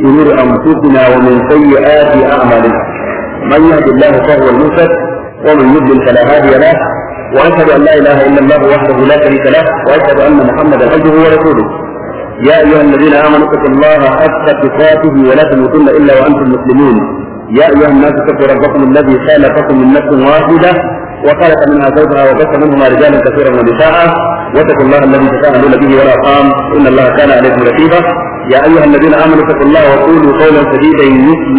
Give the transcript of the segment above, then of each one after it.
شرور أنفسنا ومن سيئات أعمالنا من يهد الله فهو المهتد ومن يضلل فلا هادي له وأشهد أن لا إله إلا الله وحده لا شريك له وأشهد أن محمدا عبده ورسوله يا أيها الذين آمنوا اتقوا الله حق تقاته ولا تموتن إلا وأنتم مسلمون يا أيها الناس اتقوا ربكم الذي خلقكم من نفس واحدة وقالت منها زوجها وبث منهما رجالا كثيرا ونساء واتقوا الله الذي تساءلون به قام ان الله كان عليكم رقيبا يا ايها الذين امنوا اتقوا الله وقولوا قولا سديدا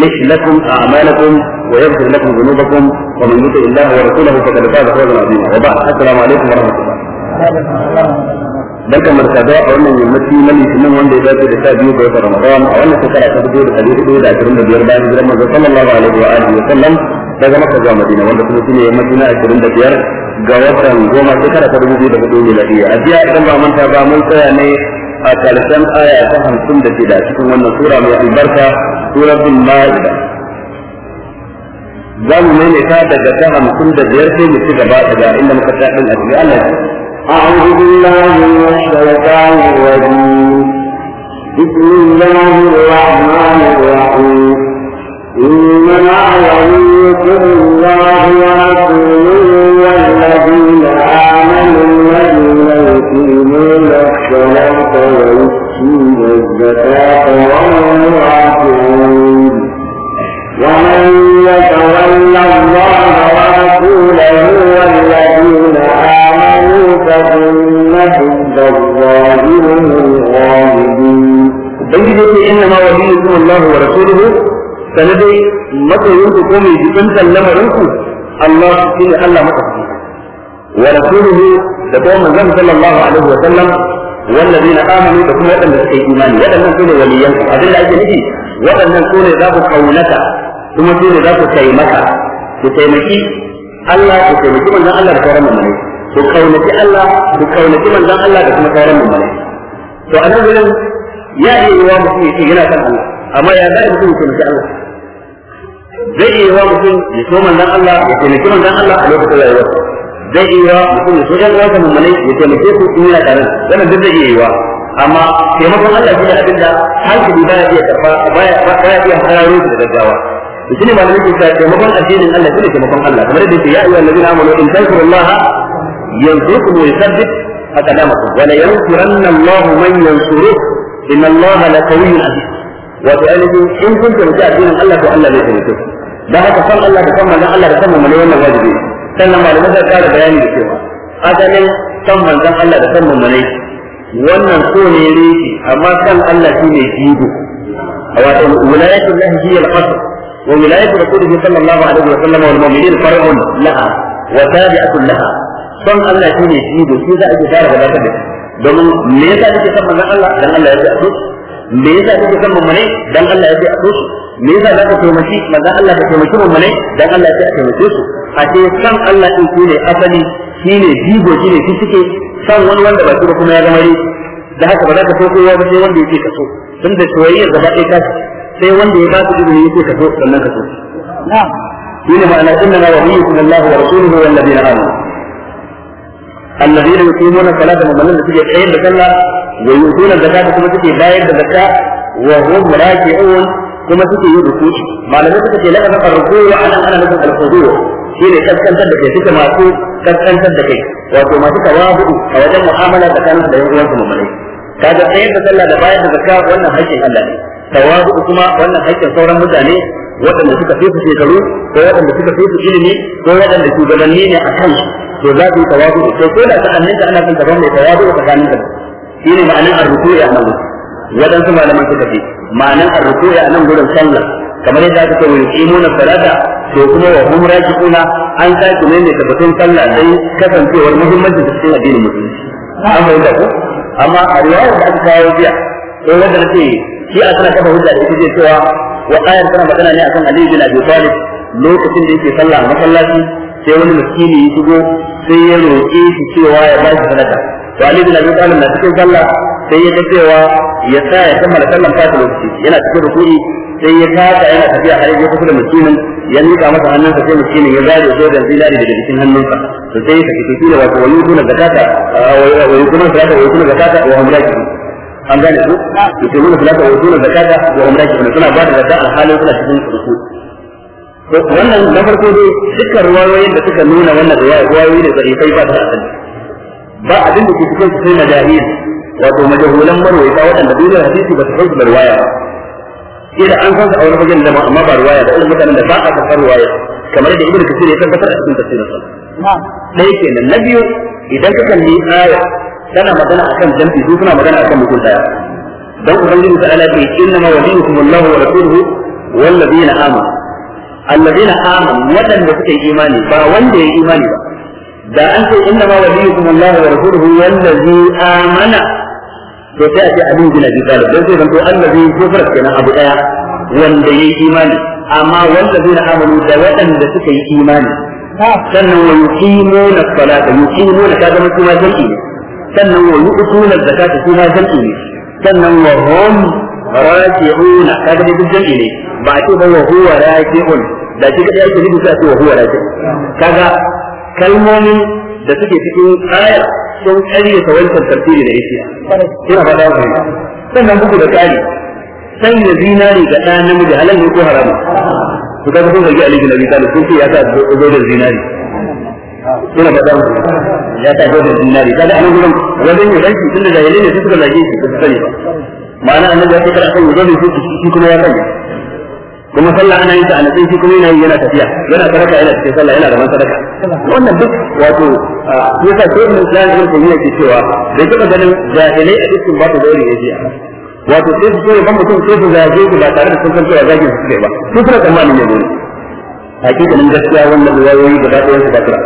يصلح لكم اعمالكم ويغفر لكم ذنوبكم ومن يطع الله ورسوله فقد فاز فوزا عظيما وبعد السلام عليكم ورحمه الله. barkan mu da a wannan yammaci na litinin wanda ya dace da sha biyu ga watan ramadan a wannan shekara ta dubu da ɗari hudu da ashirin da biyar bayan manzo sallallahu alaihi wa alihi wa sallam daga maka zuwa madina wanda kuma shine madina biyar ga watan goma shekara ta 2004 miladiya a jiya idan ba manta ba mun tsaya ne a karshen aya ta 56 cikin wannan sura mai albarka suratul maida za mu mai ta daga ta biyar sai mu ci gaba daga inda muka tsaya a cikin Allah أعوذ بالله من الشيطان الرجيم بسم الله الرحمن الرحيم إنما وليكم الله ورسوله والذين آمنوا الذين يقيمون الصلاة ويؤتون الزكاة وهم راكعون ومن يتول الله ورسوله والذين آمنوا فإن حزب الله إنما وليكم الله ورسوله Sani dai matsayin ku ko mai jibantar lamarin ku Allah shi ne Allah madaukaki wa rasuluhu da kuma manzon sallallahu alaihi wa sallam والذين آمنوا بكم وأن الإيمان وأن كل وليا أدل أجل نبي وأن كل ذاك قولك ثم كل ذاك كيمك كتيمكي الله كتيمكي من الله كرم من كقولك الله كقولك من الله كما كرم من to a nan ya iya yi wa mutum ya ce yana kan Allah amma ya zai mutum ya ce Allah zai iya wa mutum ya so manzon Allah ya taimaki manzon Allah a lokacin rayuwar zai iya wa mutum ya so jan uwansa mummunai ya taimake su in yana tare wannan duk zai iya yi wa amma taimakon Allah shi ne abin da hankali baya iya karfa baya baya iya hararo da gaggawa shi ne malamin ke taimakon addinin Allah shi ne taimakon Allah kamar da yake ya ayyuhal ladina amanu in tansurullaha yansurkum wa yuthabbit aqdamakum wa la yansuranna Allahu man yansuruhu inna Allaha laqawiyyun aziz wato ainihin in kun taimaki addinin Allah to Allah zai taimake ku da haka san Allah da san manzon Allah da san mu wannan wajibi sannan malamai da kara bayani da cewa asalin san manzon Allah da san mu wannan so ne ne amma san Allah shine jigo wato wilayatul lahi hiya al-asr wa wilayatu rasulihi sallallahu alaihi wa sallam wal mu'minin far'un laha wa tabi'atun laha san Allah shine jigo shi za a ji fara gabatar da domin me yasa san manzon Allah dan Allah ya ji a me yasa san mu dan Allah ya ji a me yasa zaka taimaki manzo Allah ka taimaki mu ne dan Allah ya taimake su a ce san Allah din shine asali shine jigo shine shi suke san wani wanda ba shi ba kuma ya zama ri da haka ba za ka so ko ya sai wanda yake ka so tun da soyayya gaba ɗaya ta sai wanda ya ba su izini yake kaso, so sannan ka so na'am shine ma'ana inna ma waliyukum Allahu wa rasuluhu wal ladina amanu الذين يقيمون الصلاة ومن التي يقيم بسلا ويؤتون الزكاة كما تكي بايد الزكاة وهم راجعون kuma suke yi ruku malamai suka ce lafazin arruku wa anan ana nufin alhudu shi ne kaskantar da kai suke masu kaskantar da kai wato masu tawabu a wajen mu'amala tsakanin da yan uwansu mu'minai kaga tsayar da sallah da bayan da zakka wannan haƙƙin Allah ne tawabu kuma wannan haƙƙin sauran mutane waɗanda suka fi su shekaru ko waɗanda suka fi su ilimi ko waɗanda shugabanni ne a kan to za su yi tawazu to ko da sa'annin ka ana son gaban mai tawazu tsakanin tsakanin ka shine ma'anar arruku ya nan waɗansu malaman suka fi ma'anan arrukuya ya nan gudun sallah kamar yadda aka kawai wa yuqimuna salata to kuma wa hum raji'una an sake ne batun sallah dai kasancewar muhimmanci da cikin addinin musulunci an fahimta ko amma a riwayar da aka kawo jiya sai wanda nake shi a sana kafa hujja da ita cewa wa ayar tana magana ne akan Ali bin Abi Talib lokacin da yake sallah a masallaci sai wani miskini ya shigo sai ya roƙe shi cewa ya ba shi sanata. to Ali bin Abi Talib na cikin sallah sai ya ga cewa ya sa ya kammala sallan fata lokaci yana cikin ruku'i sai ya kasa yana tafiya har ya kusa da mutumin ya nika masa hannunsa sai mutumin ya zare so da zinari daga jikin hannunsa to sai ya tafi tafi da wato wani kuna zakata wani kuna zakata wani kuna zakata wa hamdaki an gane su mutumin zakata wani kuna zakata wa hamdaki suna ba da zakata alhalin suna cikin ruku'i wannan na farko dai dukkan ruwayoyin da suka nuna wannan ruwayoyi da zarifai ba ta asali ba abin da ke cikin su sai majahil wato majahulan marwaita waɗanda duniyar hadisi ba su san su da riwaya ba kila an san su a wani fagen da amma ba ruwaya da irin mutanen da ba a karɓar ruwaya kamar da ibnu kasir ya tabbatar a cikin tafsirin sa ɗaya kenan na biyu idan ka kalli aya tana magana akan jam'i su suna magana akan mutum daya dan ubangiji ta ala ce inna ma waliyukum Allahu wa rasuluhu wal ladina amanu alladina amanu wadanda suka yi imani ba wanda ya yi imani ba da an ce inna ma waliyukum Allah wa rasuluhu wallazi amana to sai a ce abin gina bi talib dan sai zanto allazi kufar kenan abu daya wanda yayi imani amma wallazi na amanu da waɗanda suka yi imani sannan wa yuqimuna salata yuqimuna kaga mutum ma zanki ne sannan wa yu'tuna zakata su ma zanki ne sannan wa hum raki'un kaga duk zanki ne ba a ce ba wa huwa raki'un da shi kadai ake rubuta ce wa huwa raki'un kaga kalmomin da suke cikin tsaya sun karyata wancan tartibi da yake ina faɗa ku sannan bugu da kari sanya zinari ga ɗan namiji halal ne ko harama su ka sun zargi alihi na bisani sun ce ya sa zobe zinari ina faɗa ku ya sa zobe zinari kaga anan gurin wajen yi ranki tun da jahilai ne su suka zage shi ba su sani ba ma'ana annabi ya ce kar a sanya zobe shi kuma ya sanya kuma sallah ana yin ta a natsin shi kuma yana yi yana tafiya yana sadaka yana cikin sallah yana raman sadaka wannan duk wato yasa sai mun san irin ko yake cewa da taba ganin jahilai a cikin ba ta dole yaji wato sai su ce ban mutum sai su zage su ba tare da sun san cewa zage su suke ba su fara tsammanin ne dole hakikanin gaskiya wannan wayoyi gaba ɗayan su ba kira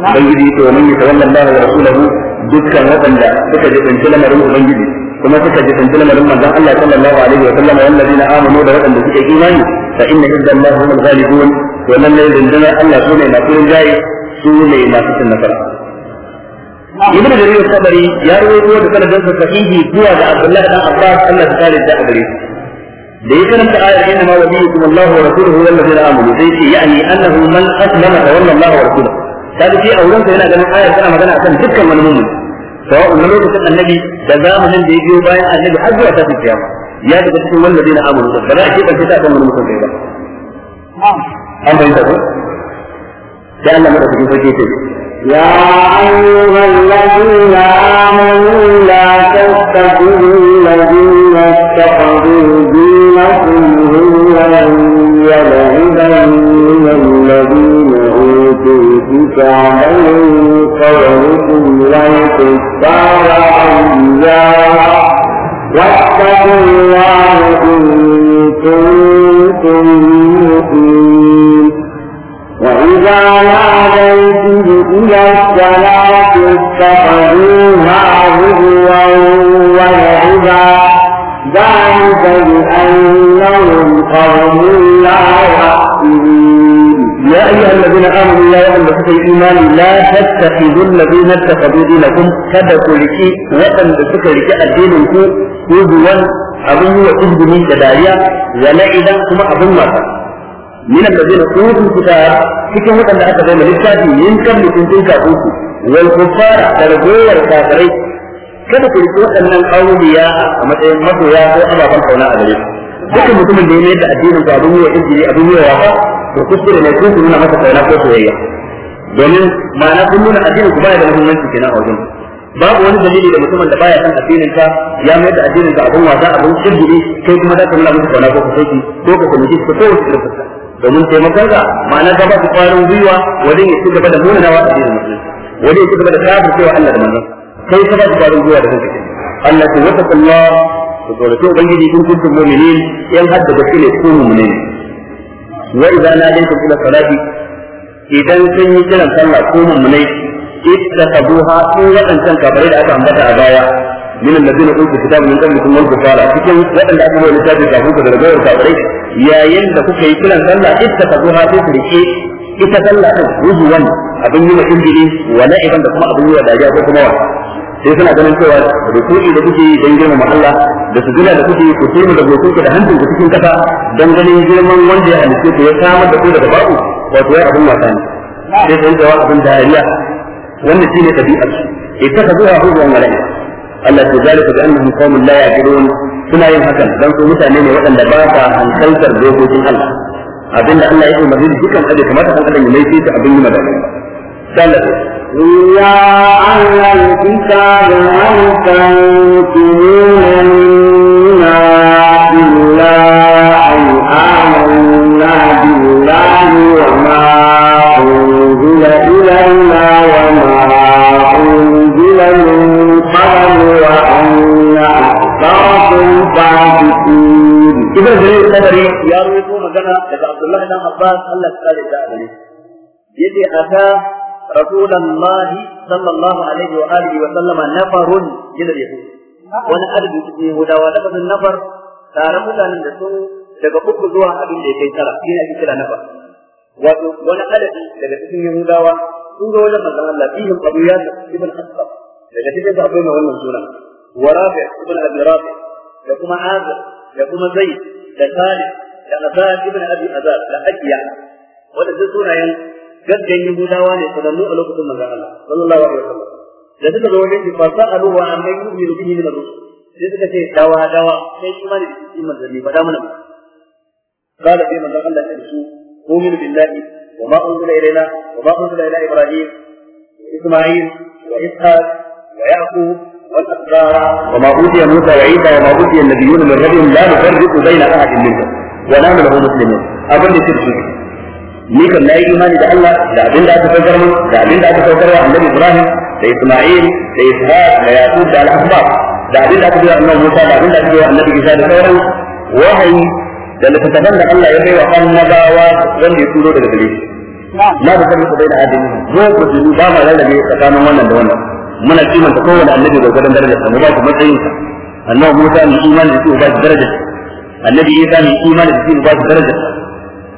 ubangiji to mun yi tawallan Allah rasulahu dukkan waɗanda suka je tsanci lamarin ubangiji kuma suka je tsanci lamarin manzon Allah sallallahu alaihi wa sallam wallazina amanu da waɗanda imani fa inna inda Allah hum al-ghalibun wannan ne rundunar Allah su masu rinjaye su ne masu cin nasara ibn jarir sabari ya rawaito da sanadin sa sahihi zuwa ga Abdullah dan Abbas Allah ta kare da gare da ya karanta ayar inna ma waliyukum Allah wa rasuluhu wal ladina amanu sai ce yani annahu man aslama wa Allah wa rasuluhu kaga shi a wurin sa yana ganin ayar tana magana akan dukkan wani mu'min sawa'un na lokacin annabi da zamanin da ya biyo bayan annabi har zuwa fi kiyama ya daga cikin wallazi na amanu ba za a ce kace ta kan wani mutum kai ba an bayyana ko sai Allah maka cikin sarki ce يا أيها الذين آمنوا لا تتخذوا الذين اتخذوا دينكم هزوا ولعبا الذين أوتوا الكتاب من قبلكم لو كفار أولياء واتقوا الله إن كنتم مؤمنين وإذا ناديته إلى الصلاة اتخذوها هزوا ولعبا ذلك بأنهم قوم الذين آمنوا يا أيها الذين إيمان لا تتخذوا الذين اتخذوا دينكم kada ku riki waɗanda suka riki addinin ku huduwan abin yi wa izini da dariya wa la'idan kuma abin wasa min alladhina utul kitab cikin waɗanda aka bayyana littafi min qablikum tun kafin ku wal kuffara da ragowar kafirai kada a matsayin masoya ko a dukkan mutumin da ya mayar da addinin ku abin yi wa abin yi wa to kuskure ne kun nuna masa kauna ko soyayya domin ma'ana kun nuna addinin ku baya da muhimmanci kenan a wajen babu wani dalili da mutumin da baya san addinin ka ya mai da addinin ka abun wasa abun shirgiri kai kuma za ka nuna masa kauna ko ku soki ko ka kunuji ko kowace irin fuska domin taimakon ka ma'ana ka ba ku kwarin gwiwa wajen ya ci gaba da munanawa addinin musulunci wajen ya ci gaba da kafin cewa Allah da manzon kai ka ba ku kwarin gwiwa da kanka Allah ta wata Allah ku tsorace ubangiji kun kuntum mu'minin yan hadda gaske ne ku mu'minin wa idza nadaytu ila salati idan sun yi kiran sallah ko mummunai ittakabuha in wadancan kafirai da aka ambata a baya min alladhina utu kitab min qablikum wal kufara cikin wadanda aka bayyana tabi kafin ku daga gawar kabare yayin da kuka yi kiran sallah ittakabuha sai ku rike ita sallah din rujuwan abin yi wa injili wa la'iban da kuma abin yi wa dajiya ko kuma wa sai suna ganin cewa rukuni da kuke don girma Allah da su gina da kuke yi ku turmi da gokun da hancin ku cikin kasa don ganin girman wanda ya halice ku ya samar da ku daga babu wato ya abin wasa ne sai sun cewa abin dariya wannan shine tabi'ar su ittakhadhuha huwan wa la'iba Allah ta zalika bi annahum qaumun la yaqilun suna yin hakan dan su mutane ne waɗanda ba sa hankaltar dokokin Allah abinda Allah ya yi umarni dukkan abin kamata an adam ya ta abin yi magana sallallahu يا أهل الكتاب هل تنكرون منا إلا أن آمنا بالله وما أنزل إلينا وما أنزل من قبل وأن أكثركم فاسقين. إذا جريت قدري يا رب مجنى إذا عبد الله بن عباس قال لك قال يا أتى رسول الله صلى الله عليه وآله وسلم نفر من اليهود wani adadin cikin Yahudawa da kafin nafar tare mutanen sun daga uku zuwa abin tara shi ake kira nafar wani adadi daga cikin Yahudawa sun zo wajen manzon Allah fihim Abu Yasir ibn Asqaf daga cikin su akwai suna wa Rafi ibn da kuma da kuma da da Azab da sunayen gaddan yahudawa ne sanannu a lokacin manzon Allah sallallahu alaihi wasallam da suka zo wajen fa sa'alu wa amma yu'minu bihi min ar-rusul sai suka ce dawa dawa sai imani da cikin manzanni ba da mana ba قال في من الله يرسو أؤمن بالله وما أنزل إلينا وما أنزل إلى إبراهيم وإسماعيل وإسحاق ويعقوب والأسبار وما أوتي موسى وعيسى وما أوتي النبيون من ربهم لا نفرق بين أحد منهم ونحن له مسلمون أظن ترسل ni kan nayi imani da Allah da abin da aka saukar mu da abin da aka saukar wa Annabi Ibrahim da Isma'il da Ishaq da Yaqub da Al-Ahbab da abin da aka yi wa Annabi Musa da abin da aka yi wa Annabi Isa da sauran wahayi da littattafan da Allah ya wa annabawa wanda ya turo daga gare shi Na da kan kubai da adini mu ku dubi ba ma lalabe tsakanin wannan da wannan muna kimanta kowanne annabi da gudan darajar sa mu ba ku matsayin sa annabi Musa ne imani da shi ba shi darajar annabi Isa ne imani da shi ba shi darajar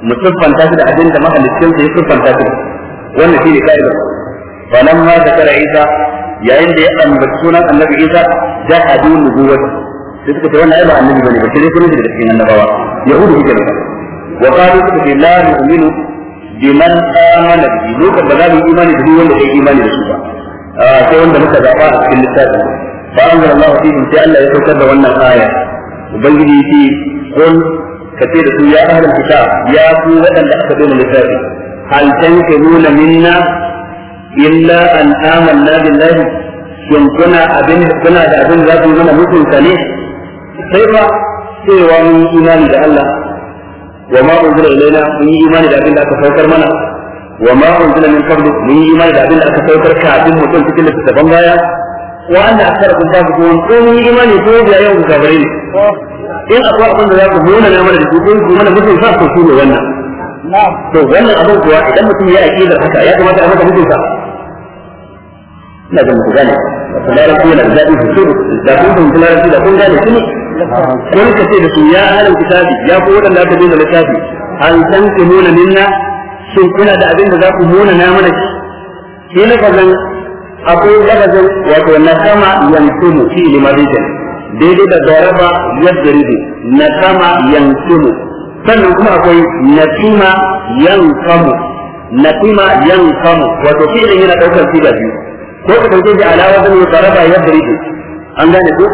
mu siffanta shi da abin da mahallicin sa ya siffanta shi wannan shine kaidar falan ma da kara isa yayin da ya ambaci sunan annabi isa jahadu nubuwata sai suka ce wannan ai ba annabi bane ba sai sunan da cikin annabawa yahudu suke da wa qalu suka ce la nu'minu biman amana bi lokacin ba za mu imani da wanda ya imani da su ba ah, sai wanda muka zaba a cikin littafin fa anzala Allahu fihim sai Allah ya saukar da wannan aya ubangiji yake qul ka ce da su ya ahlul kitab ya ku waɗanda aka dole littafi hal tankiluna minna illa an amanna billahi shin kuna abin kuna da abin za ku mana mutunta ne sai ba cewa mun imani da Allah wa ma unzila ilaina mun imani da abin da aka saukar mana wa ma unzila min qablu mun imani da abin da aka saukar kafin mutum cikin littafin baya wa anna aktharakum fasiqun ko mun yi imani ko ya yau ga bare ne in akwai abin da za ku nuna na mana da ku kun mana mutum sa ku shi ne wannan to wannan abin kuwa idan mutum ya da haka ya kamata a maka mutum sa ina ga mutum gane larabci yana da daɗi sosai da kun fahimci larabci da kun gane shi ne kun ka ce da su ya halin kitabi ya ko waɗanda aka bai da littafi an san ku nuna minna shin kuna da abin da za ku nuna na mana shi ne kazan akwai lafazin wato na sama yantumu fi limarijin daidai da daraba yadda ribi na sama yantumu sannan kuma akwai nasima yankamu nasima yankamu wato fi'ilin yana daukar siga biyu ko ka dauke shi ala wajen daraba yadda ribi an gane ko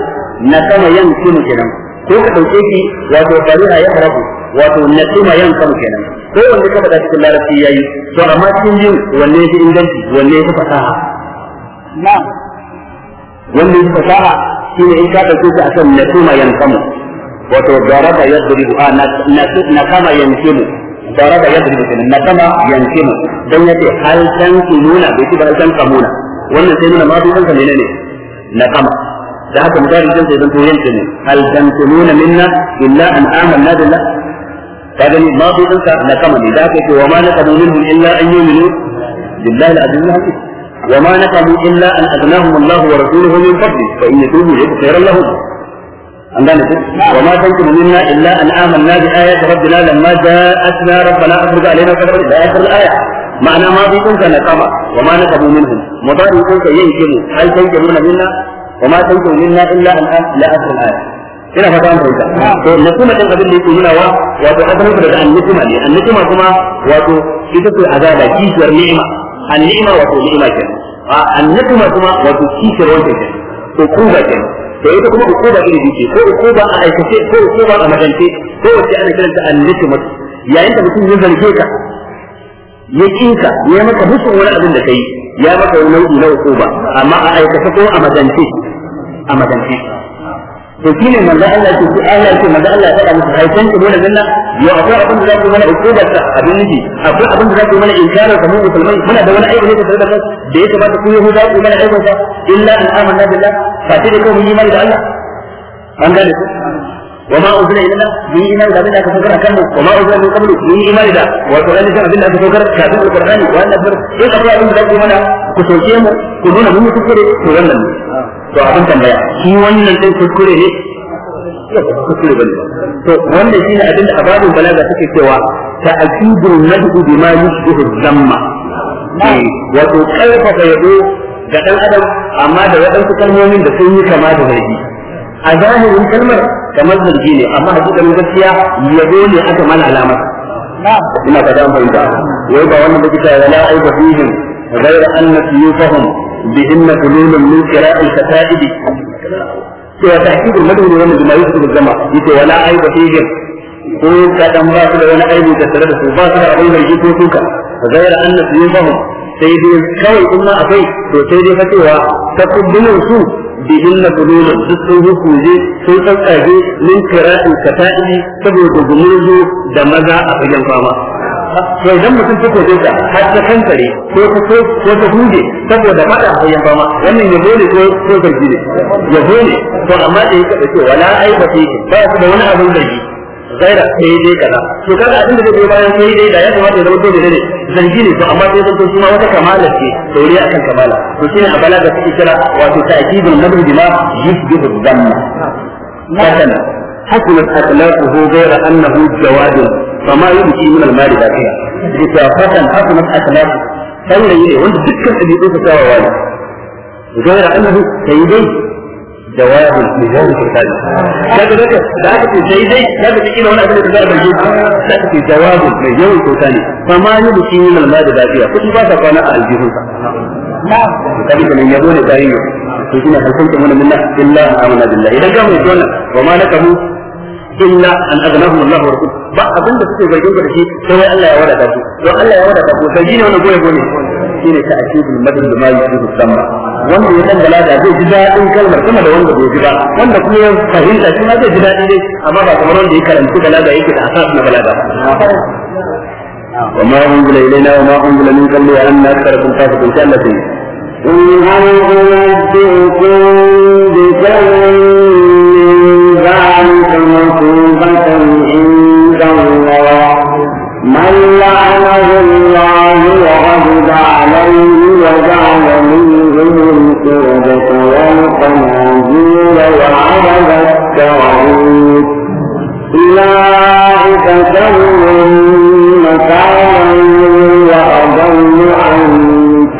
na sama yantumu kenan ko ka dauke shi wato bariha ya harabu wato nasima yankamu kenan ko wanda ka faɗa cikin larabci yayi to amma cikin yin wanne ya fi inganci wanne ya fi fasaha na'am wanda yake fasaha shine in ka dauke shi akan nasuma yankamu wato daraba yadribu a nakama yankimu daraba yadribu kenan nakama yankimu dan yace hal tan kununa bai ci ba hal tan kamuna wannan sai nuna ma dukan ka menene nakama da haka misali din sai zanto yanke ne hal tan kununa minna illa an amanna billah ka gani ma dukan ka nakama ne da haka ce wa ma nakamu minhum illa an yu'minu billahi al-azim al-hakim وما نفعوا إلا أن ادناهم الله ورسوله من فضله فإن يتوبوا يجب خيرا لهم أن وما تنقم منا إلا أن آمنا بآيات ربنا لما جاءتنا ربنا افرض علينا صبرا إلى آخر الآية معنى ما في كنت قمع وما نقموا منهم كنت سيهجموا هل تنكرون منا وما تنقم منا إلا أن إلى آخر الآية ina fata an fahimta to na din abin da yake nuna wa wato da an ne an kuma wato azaba kishiyar ni'ima annima wato ni'ima ke a annatuma kuma wato kishir wanda ke to kuba ke to ita kuma ukuba iri biyu ko ukuba a aikace ko ukuba a magance ko wace ana kiranta annatuma yayin da mutum ya zarge ka ya kinka ya maka musu wani abin da kai ya maka wani nau'i na ukuba amma a aikace ko a magance a magance to shine manzo Allah ya ce Allah ya ce manzo Allah ya faɗa musu haifan ku dole nan ya akwai abin da za ku mana ukuba ta abin nufi akwai abin da za ku mana inkarar kamar musulmai muna da wani aiki ne tare da kansu da ya kamata ku yahuda ku mana aikin sa illa an amanna billah fa sai da kawai mun yi imani da Allah an gane ku وما أنزل إلينا من إيمان إذا بدنا تفكر أكمل وما أنزل من قبل من إيمان إذا وقرآن إذا بدنا تفكر كافر القرآن وأن نفر إيه أقرأ أن بلاك إيمانا كسوشيهم كلنا من تفكر كلنا to abin tambaya shi wannan din kuskure ne kuskure bane to wannan shine abin da ababun balaga take cewa ta'kidul madhu bima yushbihu dhamma eh, wato karfafa yabo ga ɗan adam amma da wadansu kalmomin da sun yi kama da zargi a zahirin kalmar kamar zargi ne amma hakikanin gaskiya yabo ne aka mana alamar ina ka dan fahimta wai ba wannan da kika wala aiba fihim غير أن سيوفهم بهن فلول من قراء الكتائب cewa tahqiq al-madani ne wannan jima'i su gama yace wala aiba fihi ko ka dan ba su da wani aibi da tare da su ba su da abin da yake ko ka gaira anna su yi sai dai kawai in ma akwai to sai dai fa cewa ta kullun su bihin na fudulo duk sun hukuje sun tsattsage min kira'in kata'i saboda gumurzu da maza a fagen fama to idan mutum ta koje ta har ta kankare ko ta ko ta huje saboda fada a fagen fama wannan ya ne ko ko zargi ne yabo ne to amma da yake da cewa la aiba fi ba su da wani abin zargi zaira sai dai kaza to kaga abin da zai biyo bayan sai dai da ya kamata ya zama dole ne zangi ne to amma sai zan to kuma wata kamala ce daure akan kamala to shine a balaga take kira wato ta'kidul madhu bima yusbihu dhanna مثلا حسنت اخلاقه غير انه جواد فما يبكي من المال باقيا بشافتن حسنت اخلاقه saurayi ne wanda dukkan ɗabi'u su kyawawa ne gaira annahu sai dai jawabi ne yau da kai kaga daga da aka ce sai dai kaga ce ina wani abin da zai bayyana da aka ce jawabi ne yau da kai fa ma yi bikin yin almadi lafiya kudi ba ta kwana a aljihunsa kaga kenan yabo ne bayin yau to shine halkan ba abin da suke bayyana da shi sai Allah ya wadata su don Allah ya wadata su sai shine wannan goye goye ne ta ake akidul madar da ma yusibu samma wanda ya dan balaga zai ji dadin kalmar kuma da wanda bai ji ba wanda kuma ya fahimta shi ma zai ji dadi ne amma ba kamar wanda ya karanta da balaga yake da asas na balaga وما أنزل إلينا وما أنزل من قبل وأن أكثركم فاسقون كأن قل هل أنبئكم بشر من ذلك مصيبة عند الله من لعنه الله وغضب عليه وجعل منهم القردة والخنازير وعبد التوحيد أولئك شر مكانا وأضل عن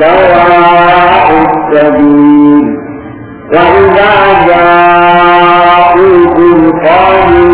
سواء السبيل وإذا جاءوكم قالوا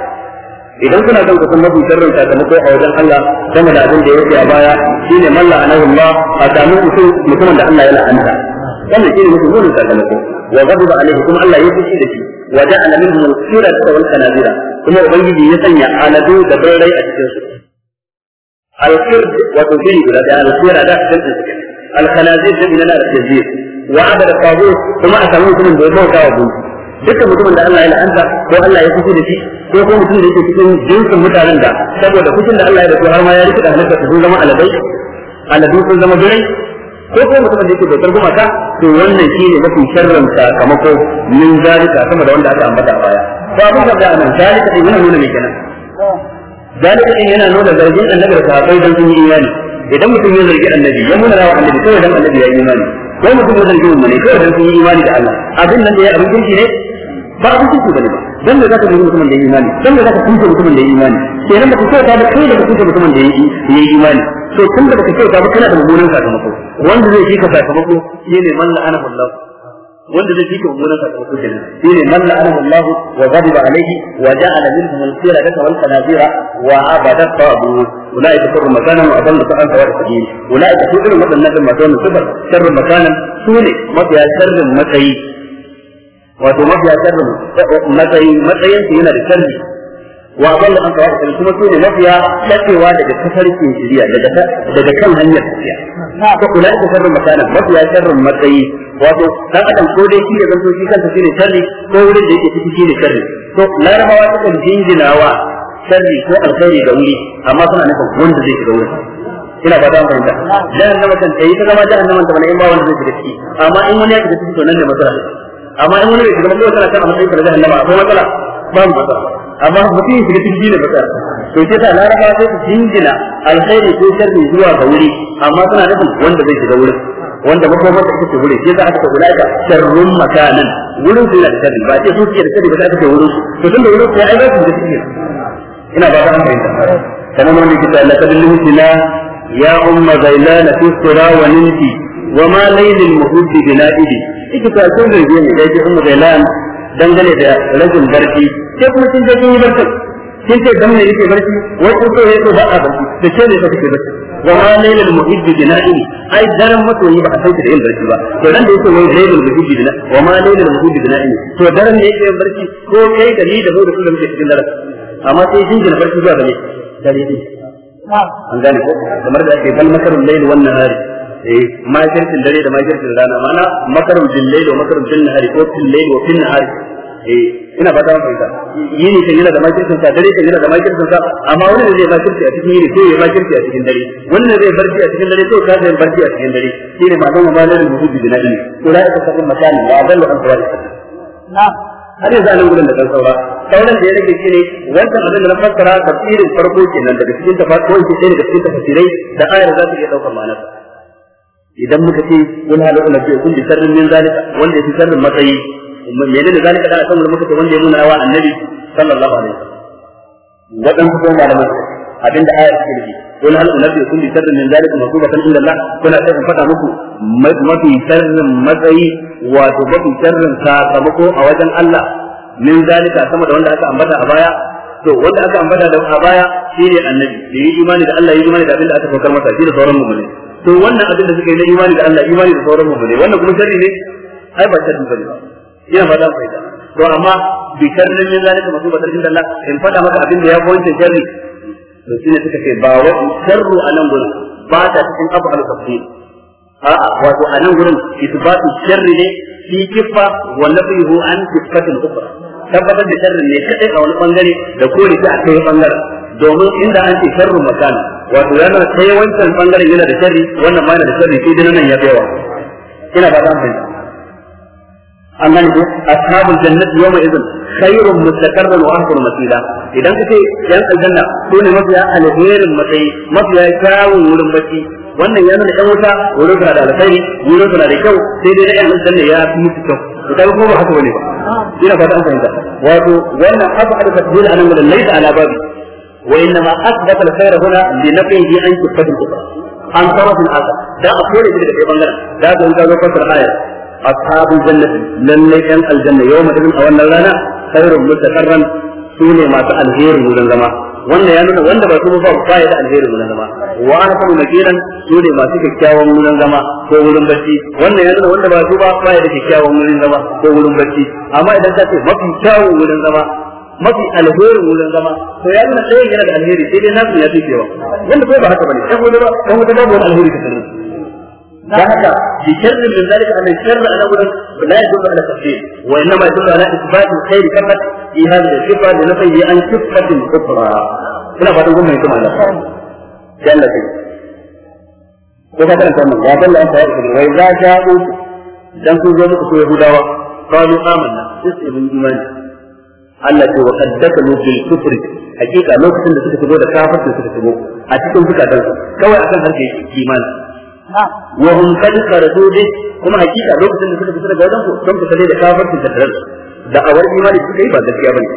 idan kuna son ku san mafi sharrin sakamako a wajen Allah sama da abin da yake a baya shine malla la'anahu Allah a samu mutum mutumin da Allah ya la'anta wannan shine mutum gurin sakamako wa ghadiba alaihi kuma Allah ya fushi da shi wa ja'ala minhum al-qirata wal khanazira kuma ubangiji ya sanya aladu da birrai a cikin su al wa tujiri da al da cikin su al da min al-jazir wa abada qabur kuma a samu mutumin da ya bauta wa gunki dukkan mutumin da Allah ya la'anta ko Allah ya fushi da shi ko kuma mutum da yake cikin jinsin mutanen da saboda fushin da Allah ya da su har ma ya rike da halitta sun zama aladai, aladu sun zama birai ko kuma mutumin da yake bautar gumaka to wannan shi ne mafi sharrin sakamako min zalika sama da wanda aka ambata a baya ba abin da nan zalika din yana nuna mai kenan zalika din yana nuna zargin annabi da sahabbai dan sun yi imani idan mutum ya zargi annabi ya nuna rawa annabi kawai dan annabi ya yi imani ko mutum ya zargi mu ne kawai dan sun yi imani da Allah abin nan da ya abin kirki ne ba ku kuku bane ba dan da zaka yi mutumin da yi imani dan da zaka kuce mutumin da yi imani kenan da ku kyauta da kai da ku kuce mutumin da yi imani to tun da baka kyauta ba kana da mummunan sakamako wanda zai shi ka sakamako ne man la'ana Allah wanda zai fike mummunan sakamako kenan ne man la'ana Allah wa ghadiba alaihi wa ja'ala minhum al-qiradata wal qanazira wa abada tabu ulaika sharru makanan wa adallu sa'an sawa sabil ulaika su irin wadannan masu wannan sifar sharru makanan su ne mafiya sharrin matsayi wato mafiya sharrin matsayi matsayin su yana da sharri wa adalla an tawa da kuma su ne mafiya dacewa daga tafarkin shiriya daga kan hanyar shiriya ta kula da sharrin makana mafiya sharrin matsayi wato dan adam ko dai shi ya zanto shi kansa shi ne sharri ko wurin da yake ciki shi ne sharri to larabawa sukan jinjinawa sharri ko alkhairi da wuri amma suna nufin wanda zai shiga wurin ina ba dan fahimta jahannama kan tayi ta zama jahannama ta bane in ba wanda zai shiga ciki amma in wani ya shiga ciki to nan ne matsala amma in wani bai shiga matsala tana kan matsayin da jahannama akwai matsala babu matsala amma mutum ya shiga cikin ne matsala to ke sa laraba sai su jingina alkhairi ko sharri zuwa ga wuri amma suna nufin wanda zai shiga wurin wanda makomar da suke wuri sai za a tafi da sharrun makanan wurin su yana da sharri ba ce su suke da sharri ba sai aka wurin su to da wurin su ya za su da sharri ina ba ta hankali sanan wani kita la tadillu sina ya umma zailana fi sura wa ninti wa ma laylil muhibbi bina'idi ita ta sun zarge ne da yake ummu gailan dangane da rashin barci sai kuma sun je sun yi barci sun ce dan ne yake barci wai ko so yake ba a barci da ce ne fa kike barci wa ma lailal muhibb bina'i ai daren masoyi ba a san da yin barci ba to dan da yake wai lailal muhibb bina'i wa ma lailal muhibb bina'i to daren ne yake barci ko kai da ni da mu da kullum ke cikin daren amma sai jingina barci ba ne dare ne an gane ko kamar da ake bal makarul wannan wan eh makircin dare da makircin rana mana makarum bil layl wa makarum nahari ko wa fin nahari eh ina fata mun fahimta yini kan yana da makircin sa dare kan yana da makircin sa amma wani da zai makirci a cikin yini sai ya a cikin dare wannan zai barci a cikin dare to ka zai barci a cikin dare shine ma zan ba lalin mutu nabi ulai ka sabun makani wa adallu an tawali na har yanzu anan gurin da kan saura sauran da ya rage shi ne wannan abin da na fassara tafsirin farko kenan daga cikin tafsirai ko daga da ayar za ta iya daukar ma'anar idan muka ce wani halu na ce kun bi sharrin min zalika wanda ya fi sarrin matsayi menene zalika da akan muka ce wanda ya nuna wa annabi sallallahu alaihi wasallam wadansu ko malaman abinda ayar take nufi wani halu na ce kun bi sharrin min zalika masubatan inda Allah kuna sai in faɗa muku mafi sarrin matsayi wato mafi sharrin sakamako a wajen Allah min zalika sama da wanda aka ambata a baya to wanda aka ambata da a baya shine annabi da yi imani da Allah yi imani da abinda aka saukar masa shi sauran mu'mini to wannan abin da suka yi na imani da Allah imani da sauran mabudai wannan kuma sharri ne ai ba sharri bane ba yana ba da fa'ida to amma bi sharri ne zalika masubatan inda Allah in fada maka abin da ya wancan sharri to shine suka ce ba wa sharru anan gurin ba ta cikin abu al-tafsir a'a wato anan gurin isbatu sharri ne fi kifa wa nafihu an kifatin ukra tabbatar da sharri ne kadai a wani bangare da kore shi a kai bangaren domin inda an ce sharru makan wato yana sai wancan bangaren yana da sharri wannan ma yana da sharri sai dinan nan ya yawa ina ba za mu fahimta an gane ko ashabul jannati yawma idhin khairun mustaqarran wa ahsanu masila. idan kace yan aljanna to ne mafiya alherin matsayi mafiya kyawun wurin bacci wannan ya nuna ɗan wuta wurin suna da alkhairi wurin suna da kyau sai dai na ɗan aljanna ya fi musu kyau to kaga kuma ba haka bane ba ina fata an fahimta wato wannan abu da tafsir anan da laita ala babi وانما اثبت الخير هنا لنقله عن كفه الكفر عن طرف اخر لا اقول لك في بنغلاء لا تنزل كفر الايه اصحاب الجنه لن يكن الجنه يوم تكن او لنا خير مستقرا سوني ما تعال غير من الجماعه وانا يا نونا وانا بسوما فاو قائد عن غير من الجماعه وانا كم مكيرا سوني ما تكن كاو من الجماعه فوق الانبتي وانا يا وانا وانا بسوما قائد كاو من الجماعه فوق الانبتي اما اذا تاتي ما في كاو من الجماعه mafi alheri wurin zama to ya nuna tsayin yana da alheri sai dai nasu ya fi cewa wanda ko ba haka bane ɗan wuta ɗan wuta babu wani alheri ta sanin da haka bi sharri min zalika an sharra ala wurin la yadullu ala tafsir wa innama yadullu ala ithbati khairi kamat fi hadhihi sifa da na an sifatin ukhra ina fatan kun mai kuma Allah jalla sai ko ka karanta mun ya dalla ta yi wai za ta dan ku zo muku yahudawa qalu amanna sai mun imani Allah ce wa qaddaka bil kufri hakika lokacin da suka shigo da kafirci suka shigo a cikin zukatan kawai akan harkar imani wa hum qad qaradu bi kuma hakika lokacin da suka fita daga wajen ku sun fita da kafirci da tarar da awar imani suka yi ba gaskiya bane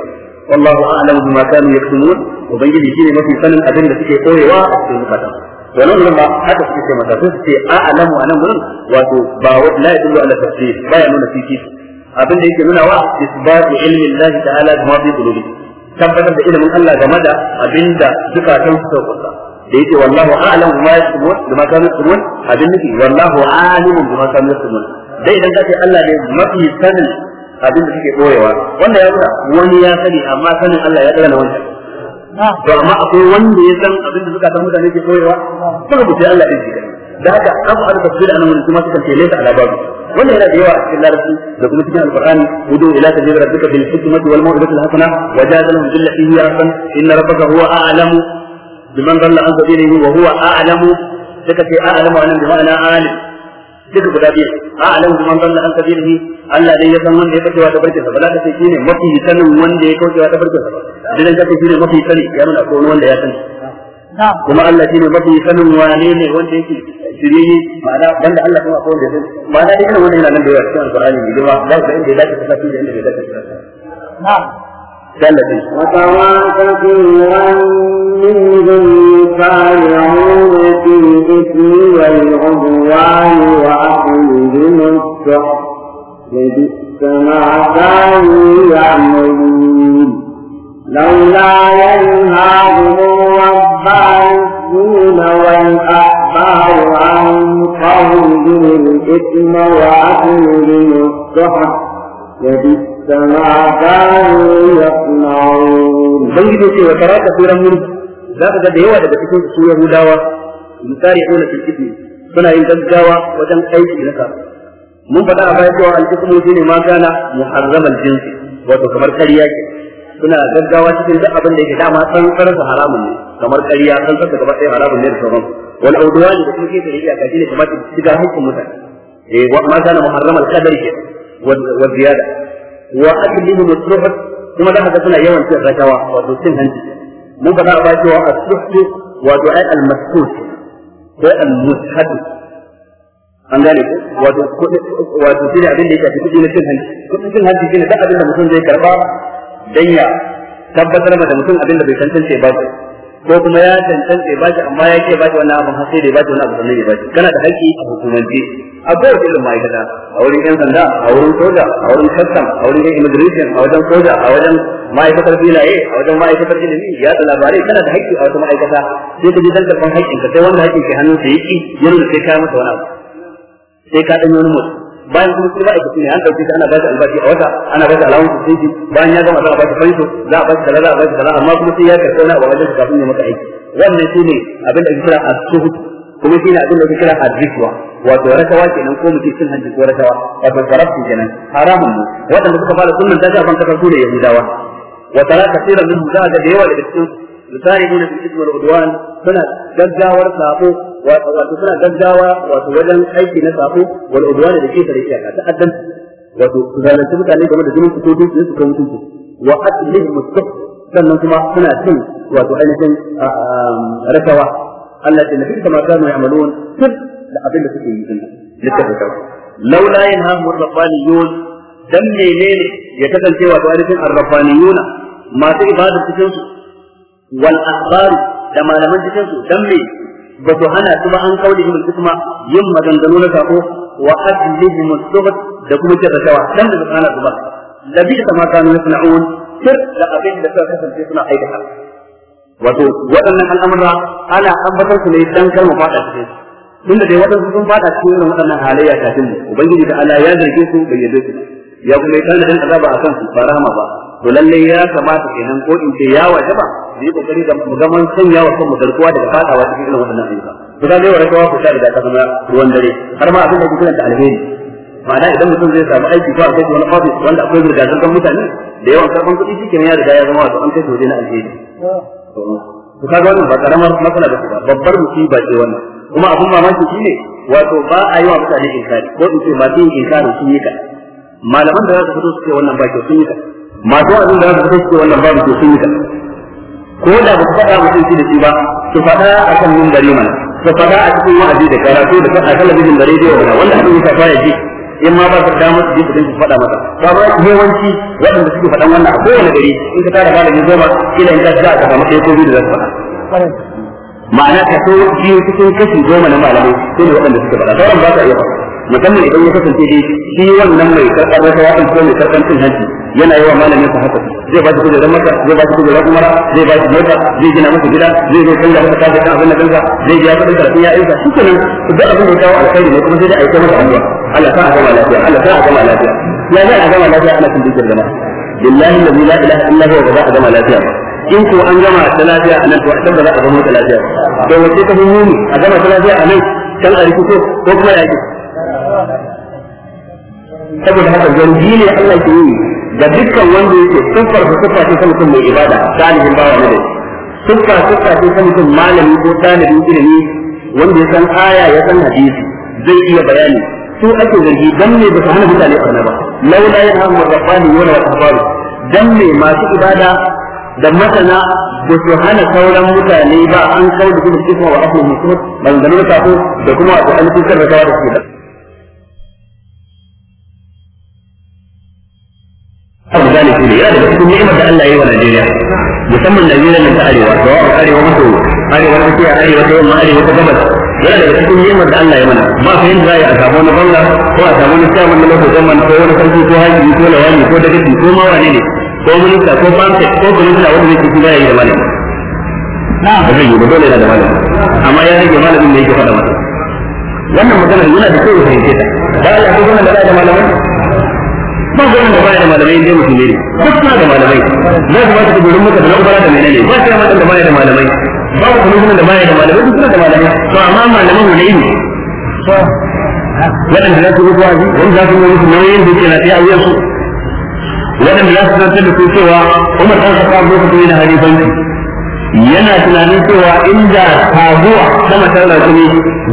wallahu a'lamu bima kanu yaktumun ubangiji shine mafi sanin abin da suke koyewa a cikin zukatan wannan gurin ba haka suke ce mata sun ce a'lamu anan gurin wato ba wa la yadullu ala tafsir ya nuna fifi abin da yake nuna wa isbatu ilmi Allah ta'ala da ma fi tabbatar da ilimin Allah game da abinda zukatan su sauka da yake wallahu a'lam ma yasmun da ma kanu yasmun abin nufi wallahu alim da ma kanu yasmun dai idan kace Allah ne mafi sanin abin da suke koyewa wanda ya nuna wani ya sani amma sanin Allah ya dana wani. to amma akwai wanda ya san abin da zukatan mutane ke koyewa to rubuce Allah din shi da haka abu al-tafsir anan wani kuma suka ce laysa ala babu wannan yana da yawa a cikin larabci da kuma cikin alqur'ani ila rabbika bil hikmati wal hiya inna rabbaka huwa a'lamu biman dalla an sabilihi wa huwa a'lamu ce a'lamu anan bi ma'ana guda biyu a'lamu biman dalla an sabilihi Allah dai ya san wanda ya kaucewa ta barkinsa ba za ka shine mafi sanin wanda ya idan shine mafi sani ya nuna ko wanda ya sani kuma Allah shine mafi sanin wane ne wanda yake siriyyi ma'ana banda Allah kuma akwai wanda zai ma'ana dai irin yana nan da yawa cikin alqur'ani ne ma za ka inda ya dace ka saki inda bai dace ka saki na'am dalilin watawaqa kiran minhum fa'alun fi ithmi wal udwan wa aqlihim as-suh لبئس ما كانوا يعملون لولا ينهاهم الربانيون الكفار عن قولهم الإثم وأكلهم السحر وبئس ما كانوا يصنعون. بيدك وترى كثيرا منهم za ka ga da yawa daga cikin su Yahudawa misali ko na filkiti suna yin gaggawa wajen aiki na ka mun faɗa a baya cewa alkitmu shine ma gana muharramal jinsi kamar ke suna gaggawa cikin duk abin da yake dama san sarrafa haramun ne kamar kariya san sarrafa gaba ɗaya haramun ne da sauransu wal audwani da kuma kesa da iyaka shine kamata su shiga hukun mutane eh wa ma kana muharram al qadari ke wa ziyada wa aklimu musruhat kuma da haka suna yawan cin rashawa wato cin hanci mun faɗa a baki wa asruhu wato ai al maskus ko al mushadu an gane ko wato wato shine abin da yake kudi na cin hanci kudin cin hanci shine duk abin da mutum zai karba dan ya tabbatar da mutum abin da bai tantance ba ko kuma ya tantance ba shi amma ya ke ba shi wannan abin hasai da ba shi wannan abin sannan ya ba kana da haƙƙi a hukumance a kowace irin ma'aikata a wurin yan sanda a wurin soja a wurin custom a wurin immigration a wajen soja a wajen ma'aikatar filaye a wajen ma'aikatar ilimi ya da labarai kana da haƙƙi a wata ma'aikata sai ka je dan karɓan haƙƙin ka sai wanda haƙƙin ke hannun sa yake yana sai ka masa wani abu sai ka ɗanyi wani mutum bayan kuma shi ma'aikaci ne an dauke shi ana ba shi albashi a wata ana ba shi alawun sun bayan ya gama za a ba shi fanto za a ba shi kaza za a ba shi kaza amma kuma sai ya karɓi wani abu wajen kafin ya maka aiki wannan shi ne abin da ake kira a suhud kuma shi ne abin da ake kira ar-rishwa wato rashawa kenan ko mutum cin hanci ko rashawa wato karafti kenan haramun mu waɗanda suka fara sunan ta shafan kasar su ne yahudawa wa tara kasiran minhum za a ga da yawa daga cikin yusari nuna bil ismi wal udwan suna gaggawar wato suna gaggawa wato wajen aiki na sako wal udwan da ke tare shi ta addan wato su zalunci mutane game da jinin su ko dukiyar su ko mutunci wa aslih mustaq sannan kuma suna cin wato ainihin rakawa Allah ya nabi kama kanu ya'malun sir da abin da suke yi din littafin kawai laula yanhamu rabbaniyun dan menene ya kasance wato ainihin arrabaniyuna masu ibada cikin su wal ahbar da malaman cikin su dan me ba su hana su ba an kauli himul isma yin maganganu na sako wa ajlihim as-suhd da kuma cin rashawa dan da kana su ba labi da ma suna yasna'un sir da abin da suka kasance suna aikata wato waɗannan al'amura ana ambatar su ne dan kalma mu fada cikin tun da dai waɗansu sun fada cikin irin waɗannan halayya kafin mu ubangiji da Allah ya zarge su bai yarda su ya kuma yi tanadin azaba kan su ba rahama ba to lalle ya kamata kenan ko in ce ya waje ba ko kari da mugaman san mun sanya wa garkuwa daga fadawa cikin irin wannan ayyuka to da lewa rakawa ko sai da ta zama ruwan dare har ma abin da kuke kiranta alheri ma'ana idan mutum zai samu aiki ko akwai wani office wanda akwai zirga kan mutane da yawan karban kuɗi shi kenan ya riga ya zama wato an kai waje na alheri to kaga wannan ba karamar matsala ba babbar musiba ce wannan kuma abun mamaki shine wato ba a yi wa mutane inkari ko in ce masu yin inkari sun yi ka malaman da za su fito su ce wannan ba ke sun yi ka masu wa'azin da za su fito wannan babu to sun yi ka ko da ba su faɗa mutum shi da shi ba su faɗa a kan mimbari mana su faɗa a cikin wa'azi da karatu da a talabijin da rediyo mana wanda abin ya shafa ya ji in ma ba su damar su je su dinga faɗa masa ba ba yawanci waɗanda suke faɗan wannan a kowane gari in ka tara malami goma kila in ka za ka samu ɗaya ko biyu da za su faɗa ma'ana ka so biyu cikin kashi goma na malamai sai da waɗanda suke faɗa sauran ba su iya faɗa musamman idan ya kasance dai shi wannan mai karɓar wata waɗanda ko mai karɓar cin hanci yana yawa malamin sa haka zai ba shi da maka zai ba shi kujerar umara zai ba shi mota zai gina masa gida zai zo canza masa kafin kan abin da kansa zai biya kuɗin karfin ya aika shi kenan duk abin da kawo alkhairi ne kuma sai dai aika masa addu'a Allah ta a gama lafiya Allah ta a gama lafiya ya za a gama lafiya ana cin dukiyar jama'a billahi la ilaha illa huwa za a gama lafiya in ko an gama ta lafiya a nan to a can ba za a gama ta lafiya to wace ta fi muni a gama ta lafiya a nan can a rikito ko kuma yaƙi saboda haka zargi ne Allah ke yi da dukkan wanda yake siffar su siffa ce ta mutum mai ibada salihin bawa ne siffa siffa ce ta mutum malami ko talibin ilimi wanda ya san aya ya san hadisi zai iya bayani su ake zargi dan ne ba su hana mutane barna ba laula ya hamu rabbani wala ahbaru dan ne masu ibada da masana ba su hana sauran mutane ba an kawo da kuma cikin wa ahlu mutum ban da da kuma a cikin karratawa da su da abu gane su ne yana da cikin ni'imar da Allah ya yi wa Najeriya musamman Najeriya na ta arewa da wa arewa maso arewa ta kiyaye arewa ta yamma arewa ta gabas yana daga cikin ni'imar da Allah ya mana ba ka yin zai a samu wani banga ko a samu wani samun na mafi zaman ko wani sarki ko haƙi ko lawani ko dagaci ko mawane ne ko minista ko banka ko minista wanda zai cikin zai da malami ba zai yi ba dole yana da malami amma ya rage malamin da yake faɗa masa wannan maganar yana da kyau ya fahimce ta da Allah ko kuma da malamai ba gurin da baya da malamai inda mutum ne duk suna da malamai na kuma ta gurin maka da ubara da mai menene ba sai matan da baya da malamai ba kuma gurin da baya da malamai duk suna da malamai to amma malaman ne ne waɗanda za su yi kwazi wani za su yi musu nauyin da ke na tsaye a wuyansu waɗanda za su zartar da su cewa umar ɗan kasa lokacin yana halifanci yana tunanin cewa inda taguwa sama ta rakumi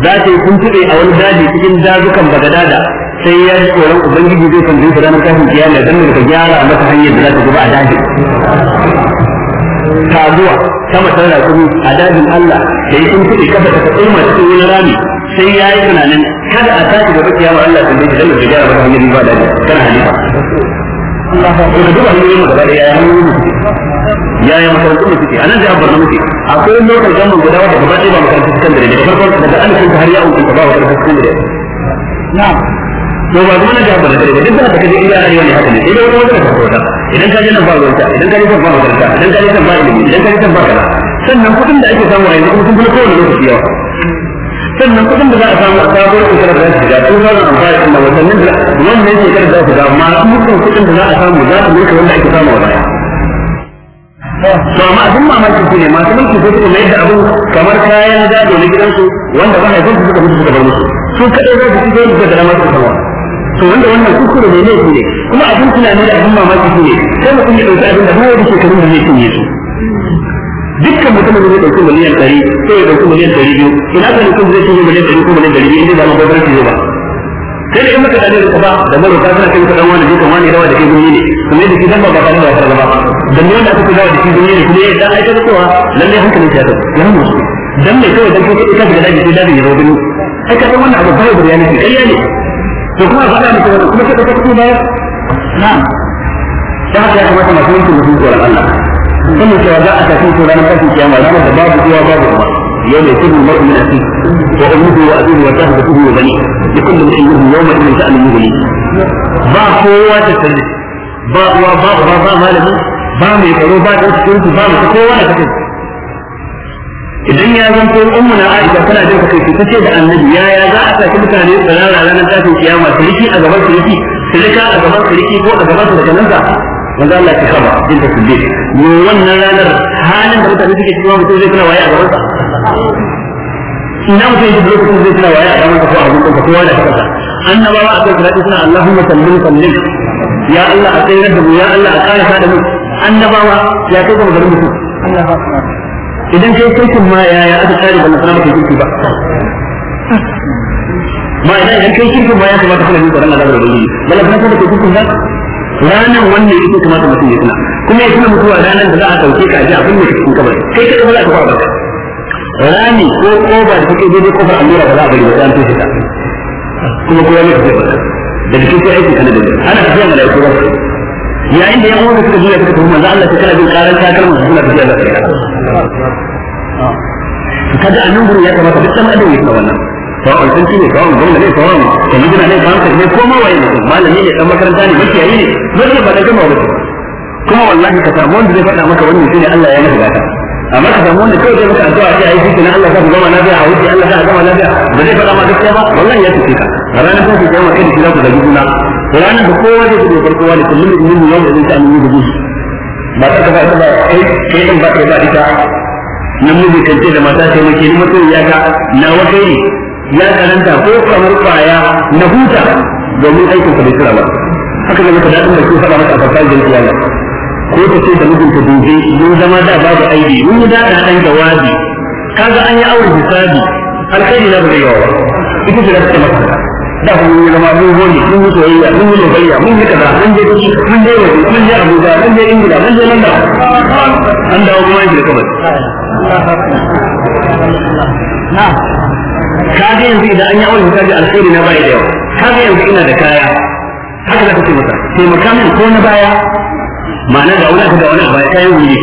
za ta yi kuntuɗe a wani daji cikin dazukan bagadada sai ya ji tsoron ubangiji zai kan zai ranar kafin kiyama dan da ka gyara a masa hanyar da za ta gaba a dajin taguwa sama tana kuma a dajin Allah da ya in kuɗi kafa ta tsima cikin wani rami sai ya yi tunanin kada a tashi gaba kiyama Allah kan zai dan da ka gyara masa hanyar da daji kana halifa Allah ya duba hanyoyin mu da ya hanyoyin mu ya ya makarantu mu suke anan da abbar na muke akwai lokacin zaman guda wanda gaba ɗaya ba makarantu sakandare daga farkon daga an kinta har ya uku ba wa karfin sakandare na'am to ba zama na jihar balance duk da kaje inda ana yi haka ne sai dai wani wata idan ka je nan ba ruwanta idan ka je ba makaranta idan ka je ba ilimi idan ka je ba kaza sannan kuɗin da ake samu a yanzu kuma sun fi kowane lokaci yawa sannan kuɗin da za a samu a sabuwar shekarar da su ga su za amfani da watannin da wannan shekarar da su masu mutum kuɗin da za a samu za su mulki wanda ake samu a baya to amma abin mamakin su masu mulki sai suka mai da abin kamar kayan gado na gidansu wanda ba haifin su suka mutu suka bar musu su kaɗai za su ci zai da dama su sama to wanda wannan kuskure ne ne ne kuma abin tunani da abin mamaki shi ne sai mutum ya dauki abin da ba ya da shekarun da zai cinye su dukkan mutumin da zai dauki miliyan ɗari sai ya dauki miliyan ɗari biyu ina ga mutum zai cinye miliyan ɗari ko miliyan ɗari biyu inda ba mu gwamnati ba sai da in maka dane ka da mai ka suna kai ka dan wani jikan wani rawa da kai gumi ne kuma da kidan ba ba da ba ba da ne da kuka dawo da kidan ne kuma ya dan aika cewa lalle hankalin ya ta ya mu dan mai kawai dan kai ka ga dani da dani ya rubu ai ka wannan abu bai da yana kai ne to kuma faɗa miki wannan kuma ke ɗauka kuɗi bayar na'am da haka ya kamata masu yankin mutum tsoron Allah sannan cewa za a tafi su ranar kafin kiyama ranar da babu uwa babu uwa yau mai tudu mafi min asi wa umuhu wa azuhu wa tahu wa bani da kullum in yi yau mai ba kowa ta tsalle ba uwa ba ba malami ba mai tsaro ba ɗan cikin ba kowa na kafin idan ya zanto ummu na Aisha tana jin kai ta ce da annabi yaya za a saki mutane tsarara ranar tashin kiyama sarki a gaban sarki sarka a gaban sarki ko a gaban sarkanansa wanda Allah ya kaba din da kulli mu wannan ranar halin da mutane suke cikin mutum zai kula waye a gaban sa ina mutum yake lokacin zai kula waye a gaban sa ko a gaban sa kowa da kansa annabawa a kai salatu suna Allahumma sallim sallim ya Allah a kai da mu ya Allah a kare ka da mu annabawa ya kai ga mutum Allah ba idan kai kirkin ma ya aka tsari ban sanar maka kirki ba ma idan idan kai kirkin ma ya kamata ta yin tsaron azabar ubangiji bala kuma kuma kai kirkin ba ranan wannan yake kamata mutum ya tuna kuma yake tuna mutuwa ranan da za a dauke ka ji abin da ke cikin kabari kai kada ba za ka ba rani ko koba da kake daidai kofar allura ba za a bari ba an toshe ta kuma ya ne ka ba da kike sai aiki kana da ana tafiya mala'iku ba yayin da yan uwan suka juya suka tafi manzo Allah ta kana bin karan takalma suna tafiya da kai kada a nan gurin ya kamata duk dan adam ya san wannan sawa'un sarki ne sawa'un gwamna ne sawa'un kalidina ne sawa'un ne ko ma waye ne malami ne dan makaranta ne makiyayi ne zai ba da gama wuce kuma wallahi ka samu wanda zai faɗa maka wannan shine Allah ya maka gata amma ka samu wanda kawai zai maka addu'a sai ayi shi Allah ya gama lafiya a wuce Allah ya gama lafiya ba zai faɗa ma gaskiya ba wallahi ya tuke ka ranar kuma ki kai maka da shi za ku zagi juna ranar da kowa zai fito farko wani kullum da yin yau da zai samu yin gudu ba ta ka ba ta ba ai kai kan ba ta ba ita nan mu kan ce da mata sai muke ni mutum ya ga na wata ne ya karanta ko kamar kwaya na huta domin aikin ka bai tura ba haka ne maka daɗin da ke faɗa maka a farkon jin kiyama ko ta ce da mijinta dubi mun zama da babu aiki mun yi daɗa ɗan jawabi kaga an yi aure hisabi alkhairi na bai yawa ita ce da ta maka da mun yi zama mun gode mun yi soyayya mun yi soyayya mun yi kaza mun je kashi mun je waje mun je abuja mun je ingila mun je london an dawo kuma yake da kamar ka ga yanzu idan an yi aure ka ji alkhairi na baya da yawa ka ga yanzu ina da kaya haka za ka taimaka min ko na baya ma'ana da wani da wani baya kayan wuri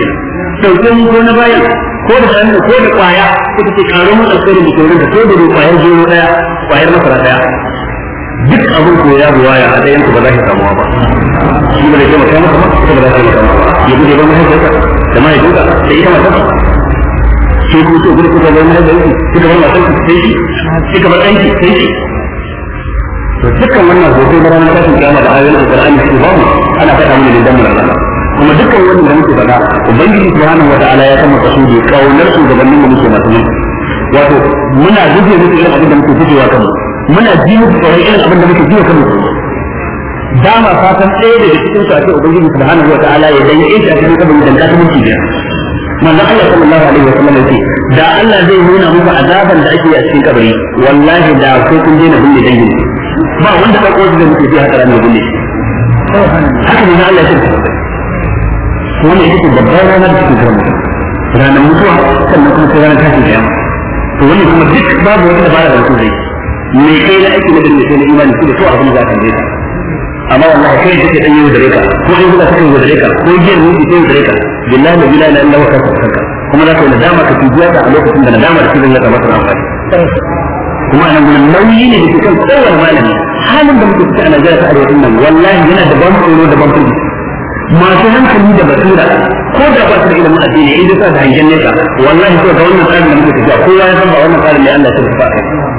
ko na baya ko da ko da kwaya ko da ke karo mun alkhairi da ke wurin da ko da jero daya kwayar masara daya duk abin ko ya ruwaya a ɗayan ba za ki samuwa ba shi ba da ke maka maka ba ba za ki maka ba ya gude ba mahaifinka da mahaifinka da ita mata ba sai ku so gudu kuka bar mahaifinki kuka bar matanki sai shi kuka bar ɗanki sai shi to dukkan wannan hoto na ranar tashin kiyama da ayoyin alƙur'ani su ba mu ana faɗa mana da damar Allah kuma dukkan wannan da muke faɗa ubangiji subhanahu wata'ala ya san maka su ne kaunar shugabannin mu muke masu mulki wato muna guje musu irin abin da muke gujewa kanmu muna ji muku tsoron irin abin da muke ji kan mutum ba ma fatan ɗaya daga cikin su a ce ubangiji subhanahu wa ta'ala ya danya ita a cikin kabarin da ta mutu biyar manzon Allah sallallahu alaihi wa sallam yace da Allah zai nuna muku azaban da ake a cikin kabari wallahi da ko kun je na binne dangi ba wanda ka koyi da muke ji haka ranar binne haka ne Allah ya ce wannan ita ce babbar ranar da cikin kabari ranar mutuwa sannan kuma sai ranar tashin kiyama to wannan kuma duk babu wanda ba da mutu zai me kai na aiki da me kai na imani su da so abin za ka ne amma wallahi kai da kake dan yau da reka ko in kuka kake yau da reka ko giyan ne kake yau da reka billahi la ilaha illa allah wa saka kuma za ka yi nadama ka tijiya ta a lokacin da nadama da kidin zaka masa amfani kuma nan gurin nauyi ne da kan kowane malami halin da muke ciki a Najeriya ta arewacin nan wallahi yana da ban tsoro da ban firgici masu hankali da basira ko da ba su da ilimin addini in dai sa da hangen nesa wallahi ko da wannan tsarin da muke tafiya kowa ya san ba wannan tsarin ne Allah ya tafi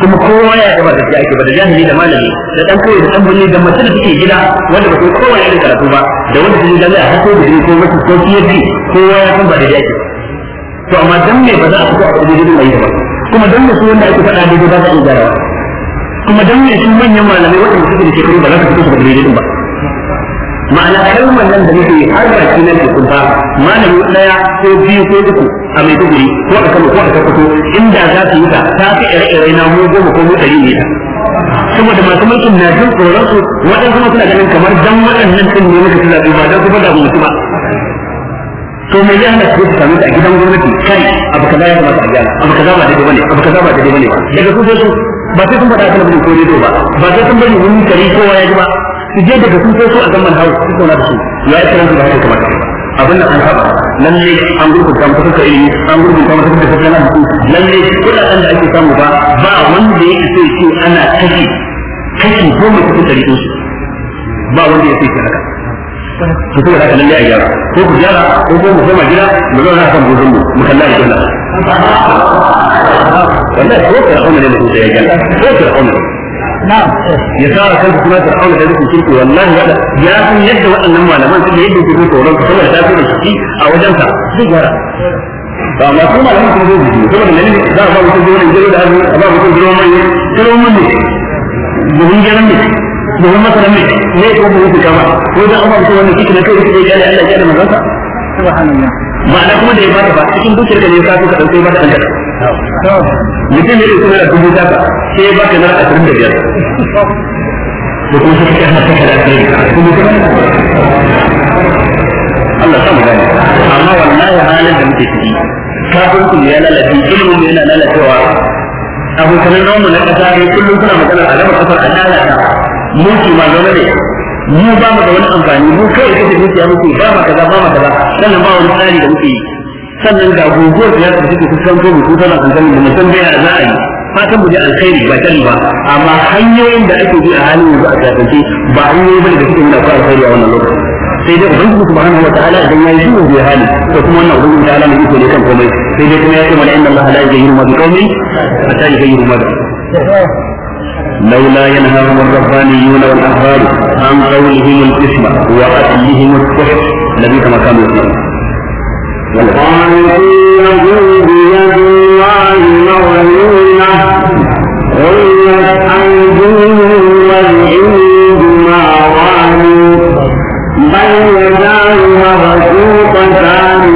kuma kowa ya ga da ake ba da jahili da malami da dan koyi da dan bunni da mace da take gida wanda ba ko kowa karatu ba da wanda da ko wata ko kowa ya san ba da ake to amma dan me ba za a fito a kudin mai da ba kuma dan me su wanda ake faɗa da ba za iya kuma dan su manyan malamai wanda suke da shekaru ba za su fito su da ba ma'ana kalmar nan da nake har baki nan ke kunta malami daya ko biyu ko uku a mai duguri ko a kama ko a kafa ko inda za su yi ta ta fi ire-ire na mu goma ko mu na. ne saboda masu mulkin na jin tsoron su waɗansu kuma suna ganin kamar dan waɗannan sun ne muka ci ba dan kuma da mutu ba to me yana ku ta sami a gidan gwamnati kai abu kaza ya kamata a gyara abu kaza ba daidai bane abu kaza ba daidai bane ba daga ku sai su ba sai sun faɗa a ko ba ba sai sun bari wani kare kowa ya ji ba su je daga sun a zaman hau su kona su ya yi da haka kamar abin da an saba lalle an ilimi an ta tafiya na mutum lalle kuɗaɗen da ake samu ba ba wanda ya ce ce ana kashi kashi goma cikin ɗari ɗin su ba wanda ya ce ce haka kuma haka lalle a gyara ko ku gyara ko ko mu koma gida mu zauna kan gudunmu mu kalla da wallahi ko fir'auna ne mutum da ya ganta ko fir'auna ya sa kan kuma fir'auna da yake kirki wallahi ya san yadda waɗannan malaman suke yadda suke tsoron ka saboda ta da shi a wajen sa zai gyara ba ma su malaman kuma zai jiki saboda nan ne za a ba mutum zuwa jiro da hannu a ba mutum zuwa mai ne zuwa mai ne domin gyaran ne domin masana ne ne ko ba mutum kama ko za a ba mutum wannan kiki na kai kike gyara Allah ya da manzansa subhanallah ma'ana kuma da ya baka ba cikin dukiyar ka ne ka ka dauke ba da kanka mutum kuma da dubu ta sai ba na 25 da kuma sai ka haka da kai kuma Allah samu amma wallahi halin da muke ciki kafin ya lalace ilimin yana lalacewa na kasa ne kullum suna magana a gaba kasar a lalata mulki ma zama ne mu ba mu da wani amfani mu kai kace dukiya muke ba ma kaza ba ma kaza sannan ba wani tsari da muke yi sannan ga guguwar da ta take kusan to mu tana kankan mu mutum bai da za yi fatan mu da alkhairi ba tan ba amma hanyoyin da ake bi a halin yanzu a kasance ba hanyoyi bane da suke nuna ko alkhairi a wannan lokacin sai dai ubangiji subhanahu wa ta'ala idan yayi shi bai hali to kuma wannan ubangiji ta'ala ne yake ne kan komai sai dai kuma ya ce mana inna allaha la yughayyiru ma biqawmin hatta yughayyiru ma bi لولا ينهاهم الربانيون والأحرار عن قولهم القسمة وأكلهم السحر لبئس ما كانوا يصنعون وقالوا إنه بيد الله مغلولة غلت أيديهم والعلم بما قالوا بل يداه مبسوطتان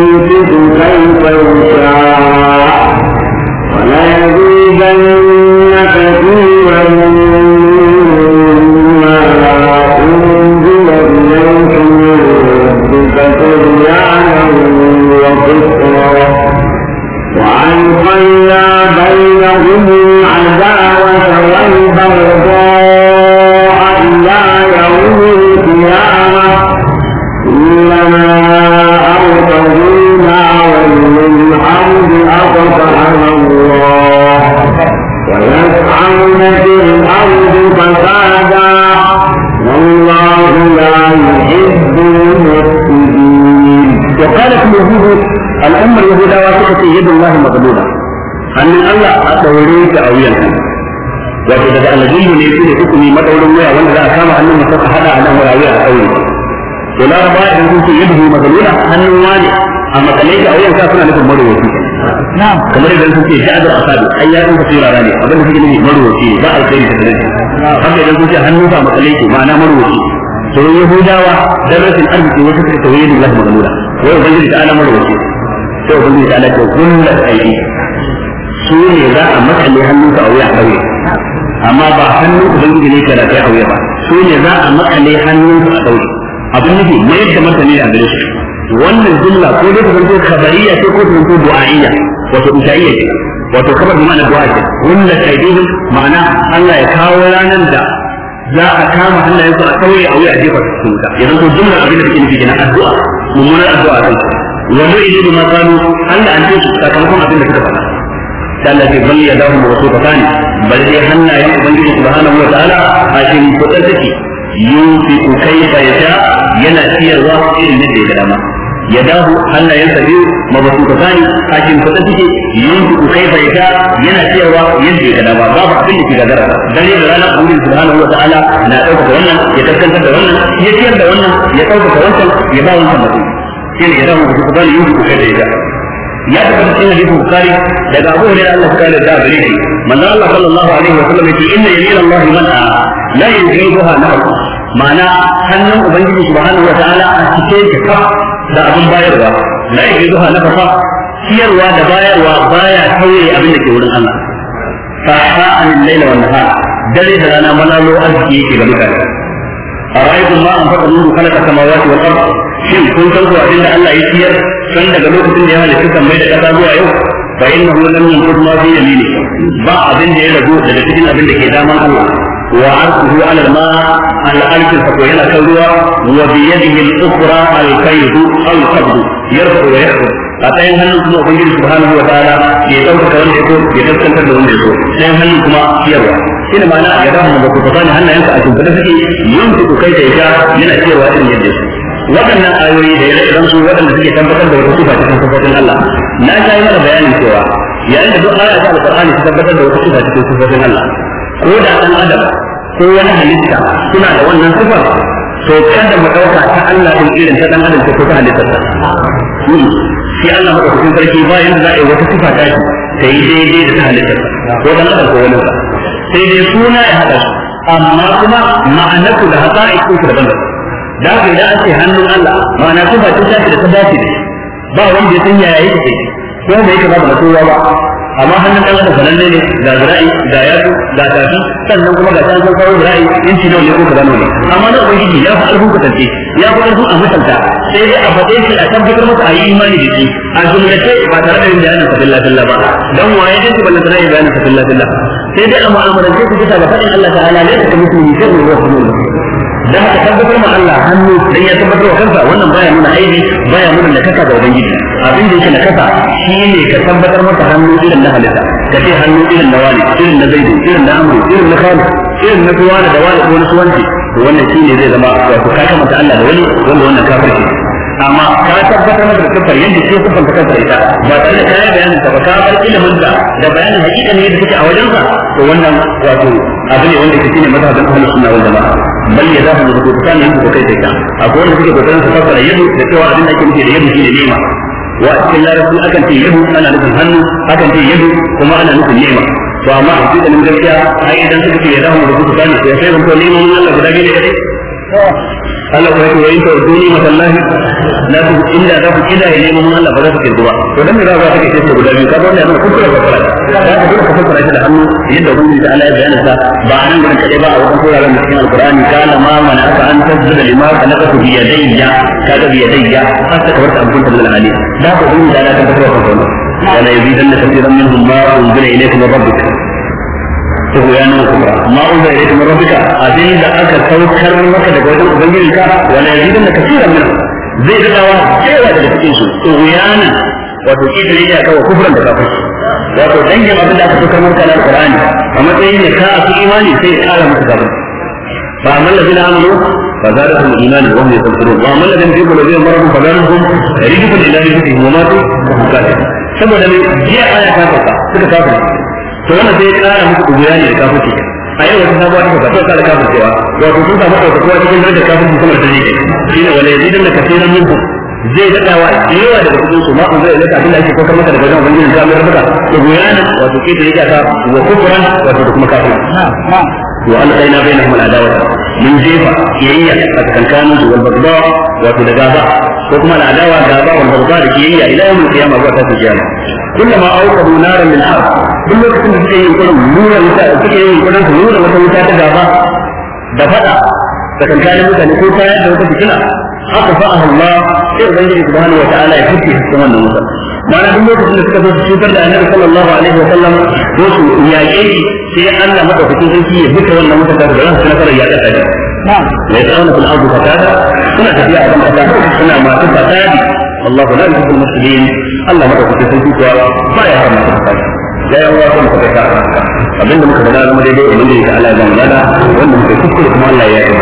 ينفق كيف يشاء ولا يزيدن وألقينا بينهم العداوة والبغضاء aka ce yadda Allah maghlula hannun Allah a daure ta a wuyan wato daga aljillu ne shi ne ne madaurin waya wanda za a kama hannun mutum a hada a nan wurare a kauye to laraba idan sun ce yadda maghlula hannun wani a makalai ta a wuyan sa suna nufin marowaci na'am kamar idan sun ce sha'adu asabi ai ya san tafsira ne abin da suke nufi marowaci ba a alkhairi ta tare haka idan sun ce hannun sa makalai ke ma'ana marowaci to yahudawa da rashin arziki wata ta tauye ne Allah maghlula wai ubangiji ta ana marowaci sai ubangiji ta dace aiki su ne za a makale a wuya kauye amma ba hannun ne ka rafe a wuya ba su ne za a makale hannunka a kauye abin nufi mai da martani a gare shi wannan jumla ko dai ta zanto kabariya ce ko zanto du'a'iyya wato isha'iyya ce wato kabar da ma'ana du'a ce wanda kaidihim ma'ana Allah ya kawo ranar da za a kama hannayensu a kauye a wuya a jefa su wuta ya jumla abin da take nufi kenan addu'a mummunar addu'a wanda idan ma kanu Allah an tashi sakamakon abin da suka faɗa dan da bal ya dahu wa sufani bal ya hannaye ubangiji subhanahu wa ta'ala a cikin kudin take yusi ku kai kaifa yasha yana siyarwa irin da ya dama ya dahu hannayensa biyu mabasutani a cikin kudin take yusi ku kai kaifa yasha yana siyarwa yadda ya dama babu abin da ke gagara dare da rana ubangiji subhanahu wa ta'ala na ɗaukaka wannan ya kaskantar da wannan ya siyar da wannan ya ɗaukaka wannan, ya ba wannan. mutum shine idan mutum ku bani yuhu kai da ida ya ta cikin hadisin bukhari daga abu hurairah Allah kare da gare shi manzo Allah sallallahu alaihi wa sallam yace inna yamin Allah man'a la yujibuha nahu ma'ana hannun ubangiji subhanahu wa ta'ala a cikin ka da abin bayarwa la yujibuha nafa ciyarwa da bayarwa baya tauye abin da ke wurin Allah sa'a an laila wa nahar dare da rana malalo arziki yake ga mutane a ra'aykum ma an faɗa nuru khalaqa samawati wal ardh shin kun san ko abin da Allah ya ciyar san daga lokacin da ya halitta kan mai da kasa zuwa yau fa innahu lam yanqud ma fi yamini ba abin da ya rago daga cikin abin da ke daman Allah wa arsuhu ala ma al arsh fa ko yana kan ruwa wa bi yadihi al ukhra al kayd al qabd yarfu wa yahdu a tsayin hannun kuma ubangi subhanahu wa ta'ala ya ɗaukaka wanda ya ke ya kaskantar da wanda ya so tsayin hannun kuma yarwa. shi ne ma'ana ya dafa da ku hannayen ka a da suke yin ku kai da ita yana cewa irin yadda ya waɗannan ayoyi da ya zan su waɗanda suke tabbatar da wata sifa cikin sifofin Allah na ta yi mana bayanin cewa yayin da duk aya ta alƙur'ani ta tabbatar da wata sifa cikin sifofin Allah ko da ɗan adam ko wani halitta suna da wannan sifa to kada mu ɗauka ta Allah ɗin irin ta ɗan adam ko ta ta hmm. shi Allah madaukakin sarki ba yanda za a yi wata sifa ta shi ta yi daidai da ta halittarsa ko ɗan adam ko wani sai dai suna ya haɗa su amma kuma ma'anarsu da hasa'i ko su daban-daban da haka idan an ce hannun Allah ma'ana kuma ta tashi da ta dace ne ba wanda ya san yaya yake ko bai kama da kowa ba amma hannun Allah da sananne ne ga zira'i ga yatsu ga tafi sannan kuma ga tanzan kawo zira'i inci nawa ne ko kaza nawa ne amma na ubangiji ya fi ƙarfin kasance ya fi ƙarfin a sai dai a faɗe shi a tabbatar masa a yi imani da shi a jumlace ba tare da yin bayanin fadilla fadilla ba dan waye ne ce ballantana yin bayanin fadilla fadilla sai dai a mu'amalance su bisa ga faɗin Allah ta'ala ne ta mutum ne sai ne ba su ne da haka tabbatar ma Allah hannu dan ya tabbatar wa kansa wannan baya nuna aibi baya nuna nakasa ga ubangiji abin da yake nakasa shine ka tabbatar masa hannu irin na halitta ka ce hannu irin na wani irin na zaidu irin na amru irin na khalid irin na suwana da wani ko wani suwanci wannan shine zai zama wato ka kamata Allah da wani wanda wannan kafirci amma ka tabbatar masa da kafar yadda ke kafar ta kafar ita ba tare da kayan bayanin ta ba ka bar ilimin ta da bayanin hakika ne da take a wajen sa to wannan wato abu ne wanda ke shine mazhabin ahlus sunna wal jama'a bal ya zahu da ku tsani ku kai da kan akwai wanda suke kokarin su fassara yadu da cewa abin da ake nufi da yadu shine nema wa a cikin larabci akan ce yadu ana nufin hannu akan ce yadu kuma ana nufin nema to amma a cikin gaskiya ai idan suka ce ya zahu da ku tsani sai sai mun to nema mun Allah guda ne kadai Allah ko yake yayin to duni masallahi la ku inda za ku kida ne mun Allah ba za ku kirgu ba to dan me za ku kake ce ku guda biyu ka wannan yana kuskure ba fara da ka duka fassara shi da hannu yadda gudu da Allah ya bayyana sa ba anan gurin kade ba a wajen turaren cikin alqur'ani kana ma mana aka an tabbata lima khalaqatu bi yadayya kaga bi yadayya hatta kawarta abun da Allah ali da ku da Allah ta fassara wannan wala yazidanna kathiran minhum ma unzila ilayka min rabbika تغيانا وكبرا ما أنزل إليك من ربك أدل أكا توكر لك لقوة أبنجلك ولا يزيدن كثيرا منه zai da dawa لتكيسو تغيانا وتكيد ليلة كوا كفرا لكفرا wato dangin abin da aka so kamar kana Qur'ani a matsayin da ka su imani sai ya kara musu gaba fa amal ladina amanu fa zadahum iman wa hum yastaqirun wa amal ladina fi qulubihim marad fa zadahum rijfun ila rijfihim wa matu saboda ne jiya aya ta ka suka kafirta to wannan sai ya kara musu dubiya ne da kafirci a yau wata sabuwa ta gaba ta da kafircewa wato sun samu ɗaukakuwa cikin darajar kafirci kuma da ne shi ne wale zidan da kafiran minkum zai daɗa wa yawa daga cikin su ma'un zai daɗa abin da ake kokar maka daga zan wani yanzu amir rabuka da guyana wato ke da yake ta wa kufuran wato da kuma kafin wa an tsaye na bai na kuma adawa mun jefa kiyayya a tsakankanin su wal bagba wato da gaba ko kuma al'adawa gaba wal bagba da kiyayya ila yawon kiyama zuwa tashin kiyama kullama awqadu naran min har duk lokacin da suke yin kurin nuna wuta suke yin kurin su nuna wata wuta ta gaba da fada da kankanin mutane ko kayan da wata fitina haka fa Allah sai ubangiji subhanahu wa ta'ala ya fice su wannan wuta mana duk lokacin da suka zo su cutar da annabi sallallahu alaihi wa sallam ko su yaƙe sai Allah madaukakin sarki ya fita wannan wuta ta gaba su nasarar yaƙa ta ne ya tsawon fil ardi suna tafiya a kan kasa suna masu fasadi الله لا يحب المسلمين الله ما يحب المسلمين ما يحرم المسلمين لا يوم يكون فتاة abinda muka faɗa zama daidai da nuna ta Allah zan gada wanda muka kuskure kuma Allah ya yi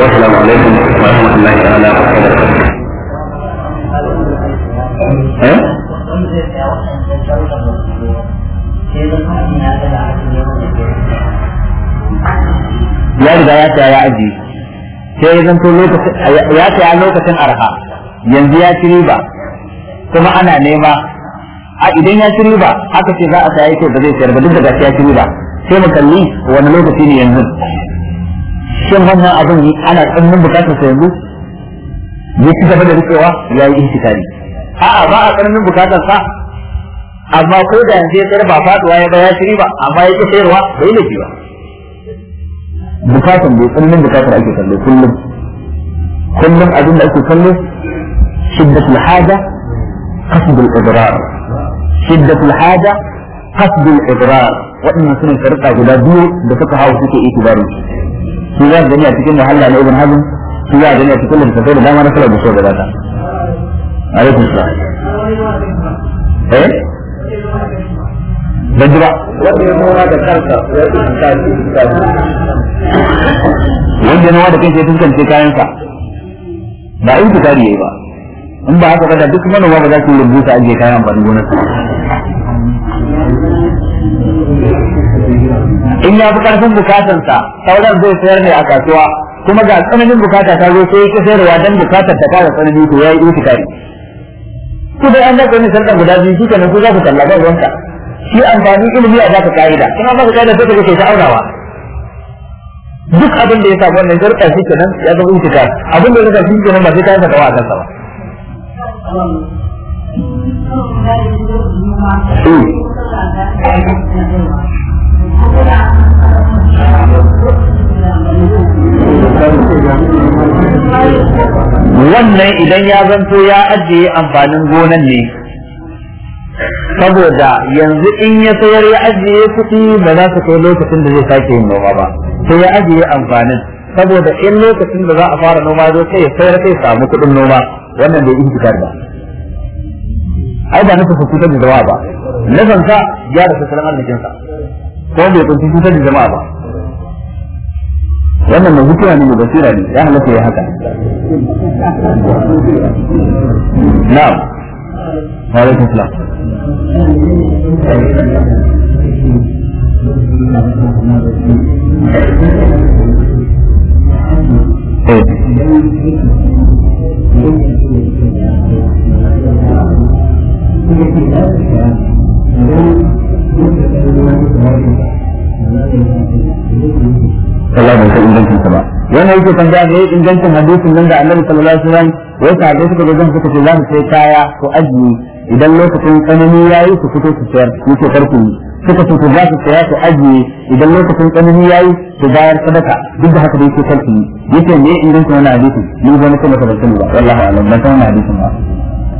wa salamu alaikum wa rahmatullahi ta'ala wa barakatuh eh ya riga ya tsaya ya aji sai ya zanto lokacin ya tsaya lokacin arha yanzu ya ci riba kuma ana nema a idan ya ci riba aka ce za a saya yake ba zai sayar ba duk da gashi ya ci riba sai mu kalli wani lokaci ne yanzu shin wannan abin ana tsannin bukatar sa yanzu ya ci gaba da rikewa ya yi intikari a'a ba a tsananin bukatar sa amma ko da yanzu ya tsara ba faduwa ya ba ya ci riba amma ya ki sayarwa bai da ba bukatan bai tsannin bukatar ake kallo kullum kullum abin da ake kallo شدة الحاجة قصد الإضرار شدة الحاجة قصد الإضرار وإن سنة فرقة جدا بيو بفقها وسكي إتباري سيزار جميع تكلم محلة على ابن هزم سيزار جميع تكلم لفتفير لا ما نفسه بسوء بذاتا عليكم السلام ايه بجرا wanda na wada kansa ya fuskance kayansa ba in fitari yayi in ba haka ba da duk manoma ba za su rubuta ajiye kayan amfanin gonar in ya fi karfin bukatansa sauran zai sayar ne a kasuwa kuma ga tsananin bukata ta zo sai ya sayarwa don bukatar ta kara tsanani to ya yi itikari ku dai an zaka ne sarkan guda biyu shi ne ku za ku kalla ba ruwanka shi amfani ilimi a zaka ka'ida kuma ba ka ka'ida sai ka ce ta duk abin da ya samu wannan jarka shi kenan ya zama itikari abin da ya zama shi kenan ba sai ta yi sakawa a kansa ba wannan idan ya zanto ya ajiye amfanin gonan ne saboda yanzu in ya sayar ya ajiye kuɗi ba za su kai lokacin da zai sake yin noma ba sai ya ajiye amfanin saboda in lokacin da za a fara noma zo sai ya sayar sai samu kuɗin noma wannan bai fitar ba ai ba nufin kuka da jama'a ba nasan sa ya da tattalin arzikin sa ko bai kunci kuka da jama'a ba wannan mai hikima ne mai basira ne ya halatta ya haka na'am wa alaikum salam Thank you. sallallahu ba wannan yake kan ga ingancin hadisin nan da Annabi sallallahu alaihi wasallam wai ka ga suka zan suka ce za su sai kaya ko ajiye idan lokacin tsanani yayi su fito su sayar yake karku suka ce za su saya su ajiye idan lokacin tsanani ya yi su bayar sadaka duk da haka da yake kalfi yake ne ingancin wannan hadisi ni ba na kuma ba wallahi alam ban san wannan hadisin ba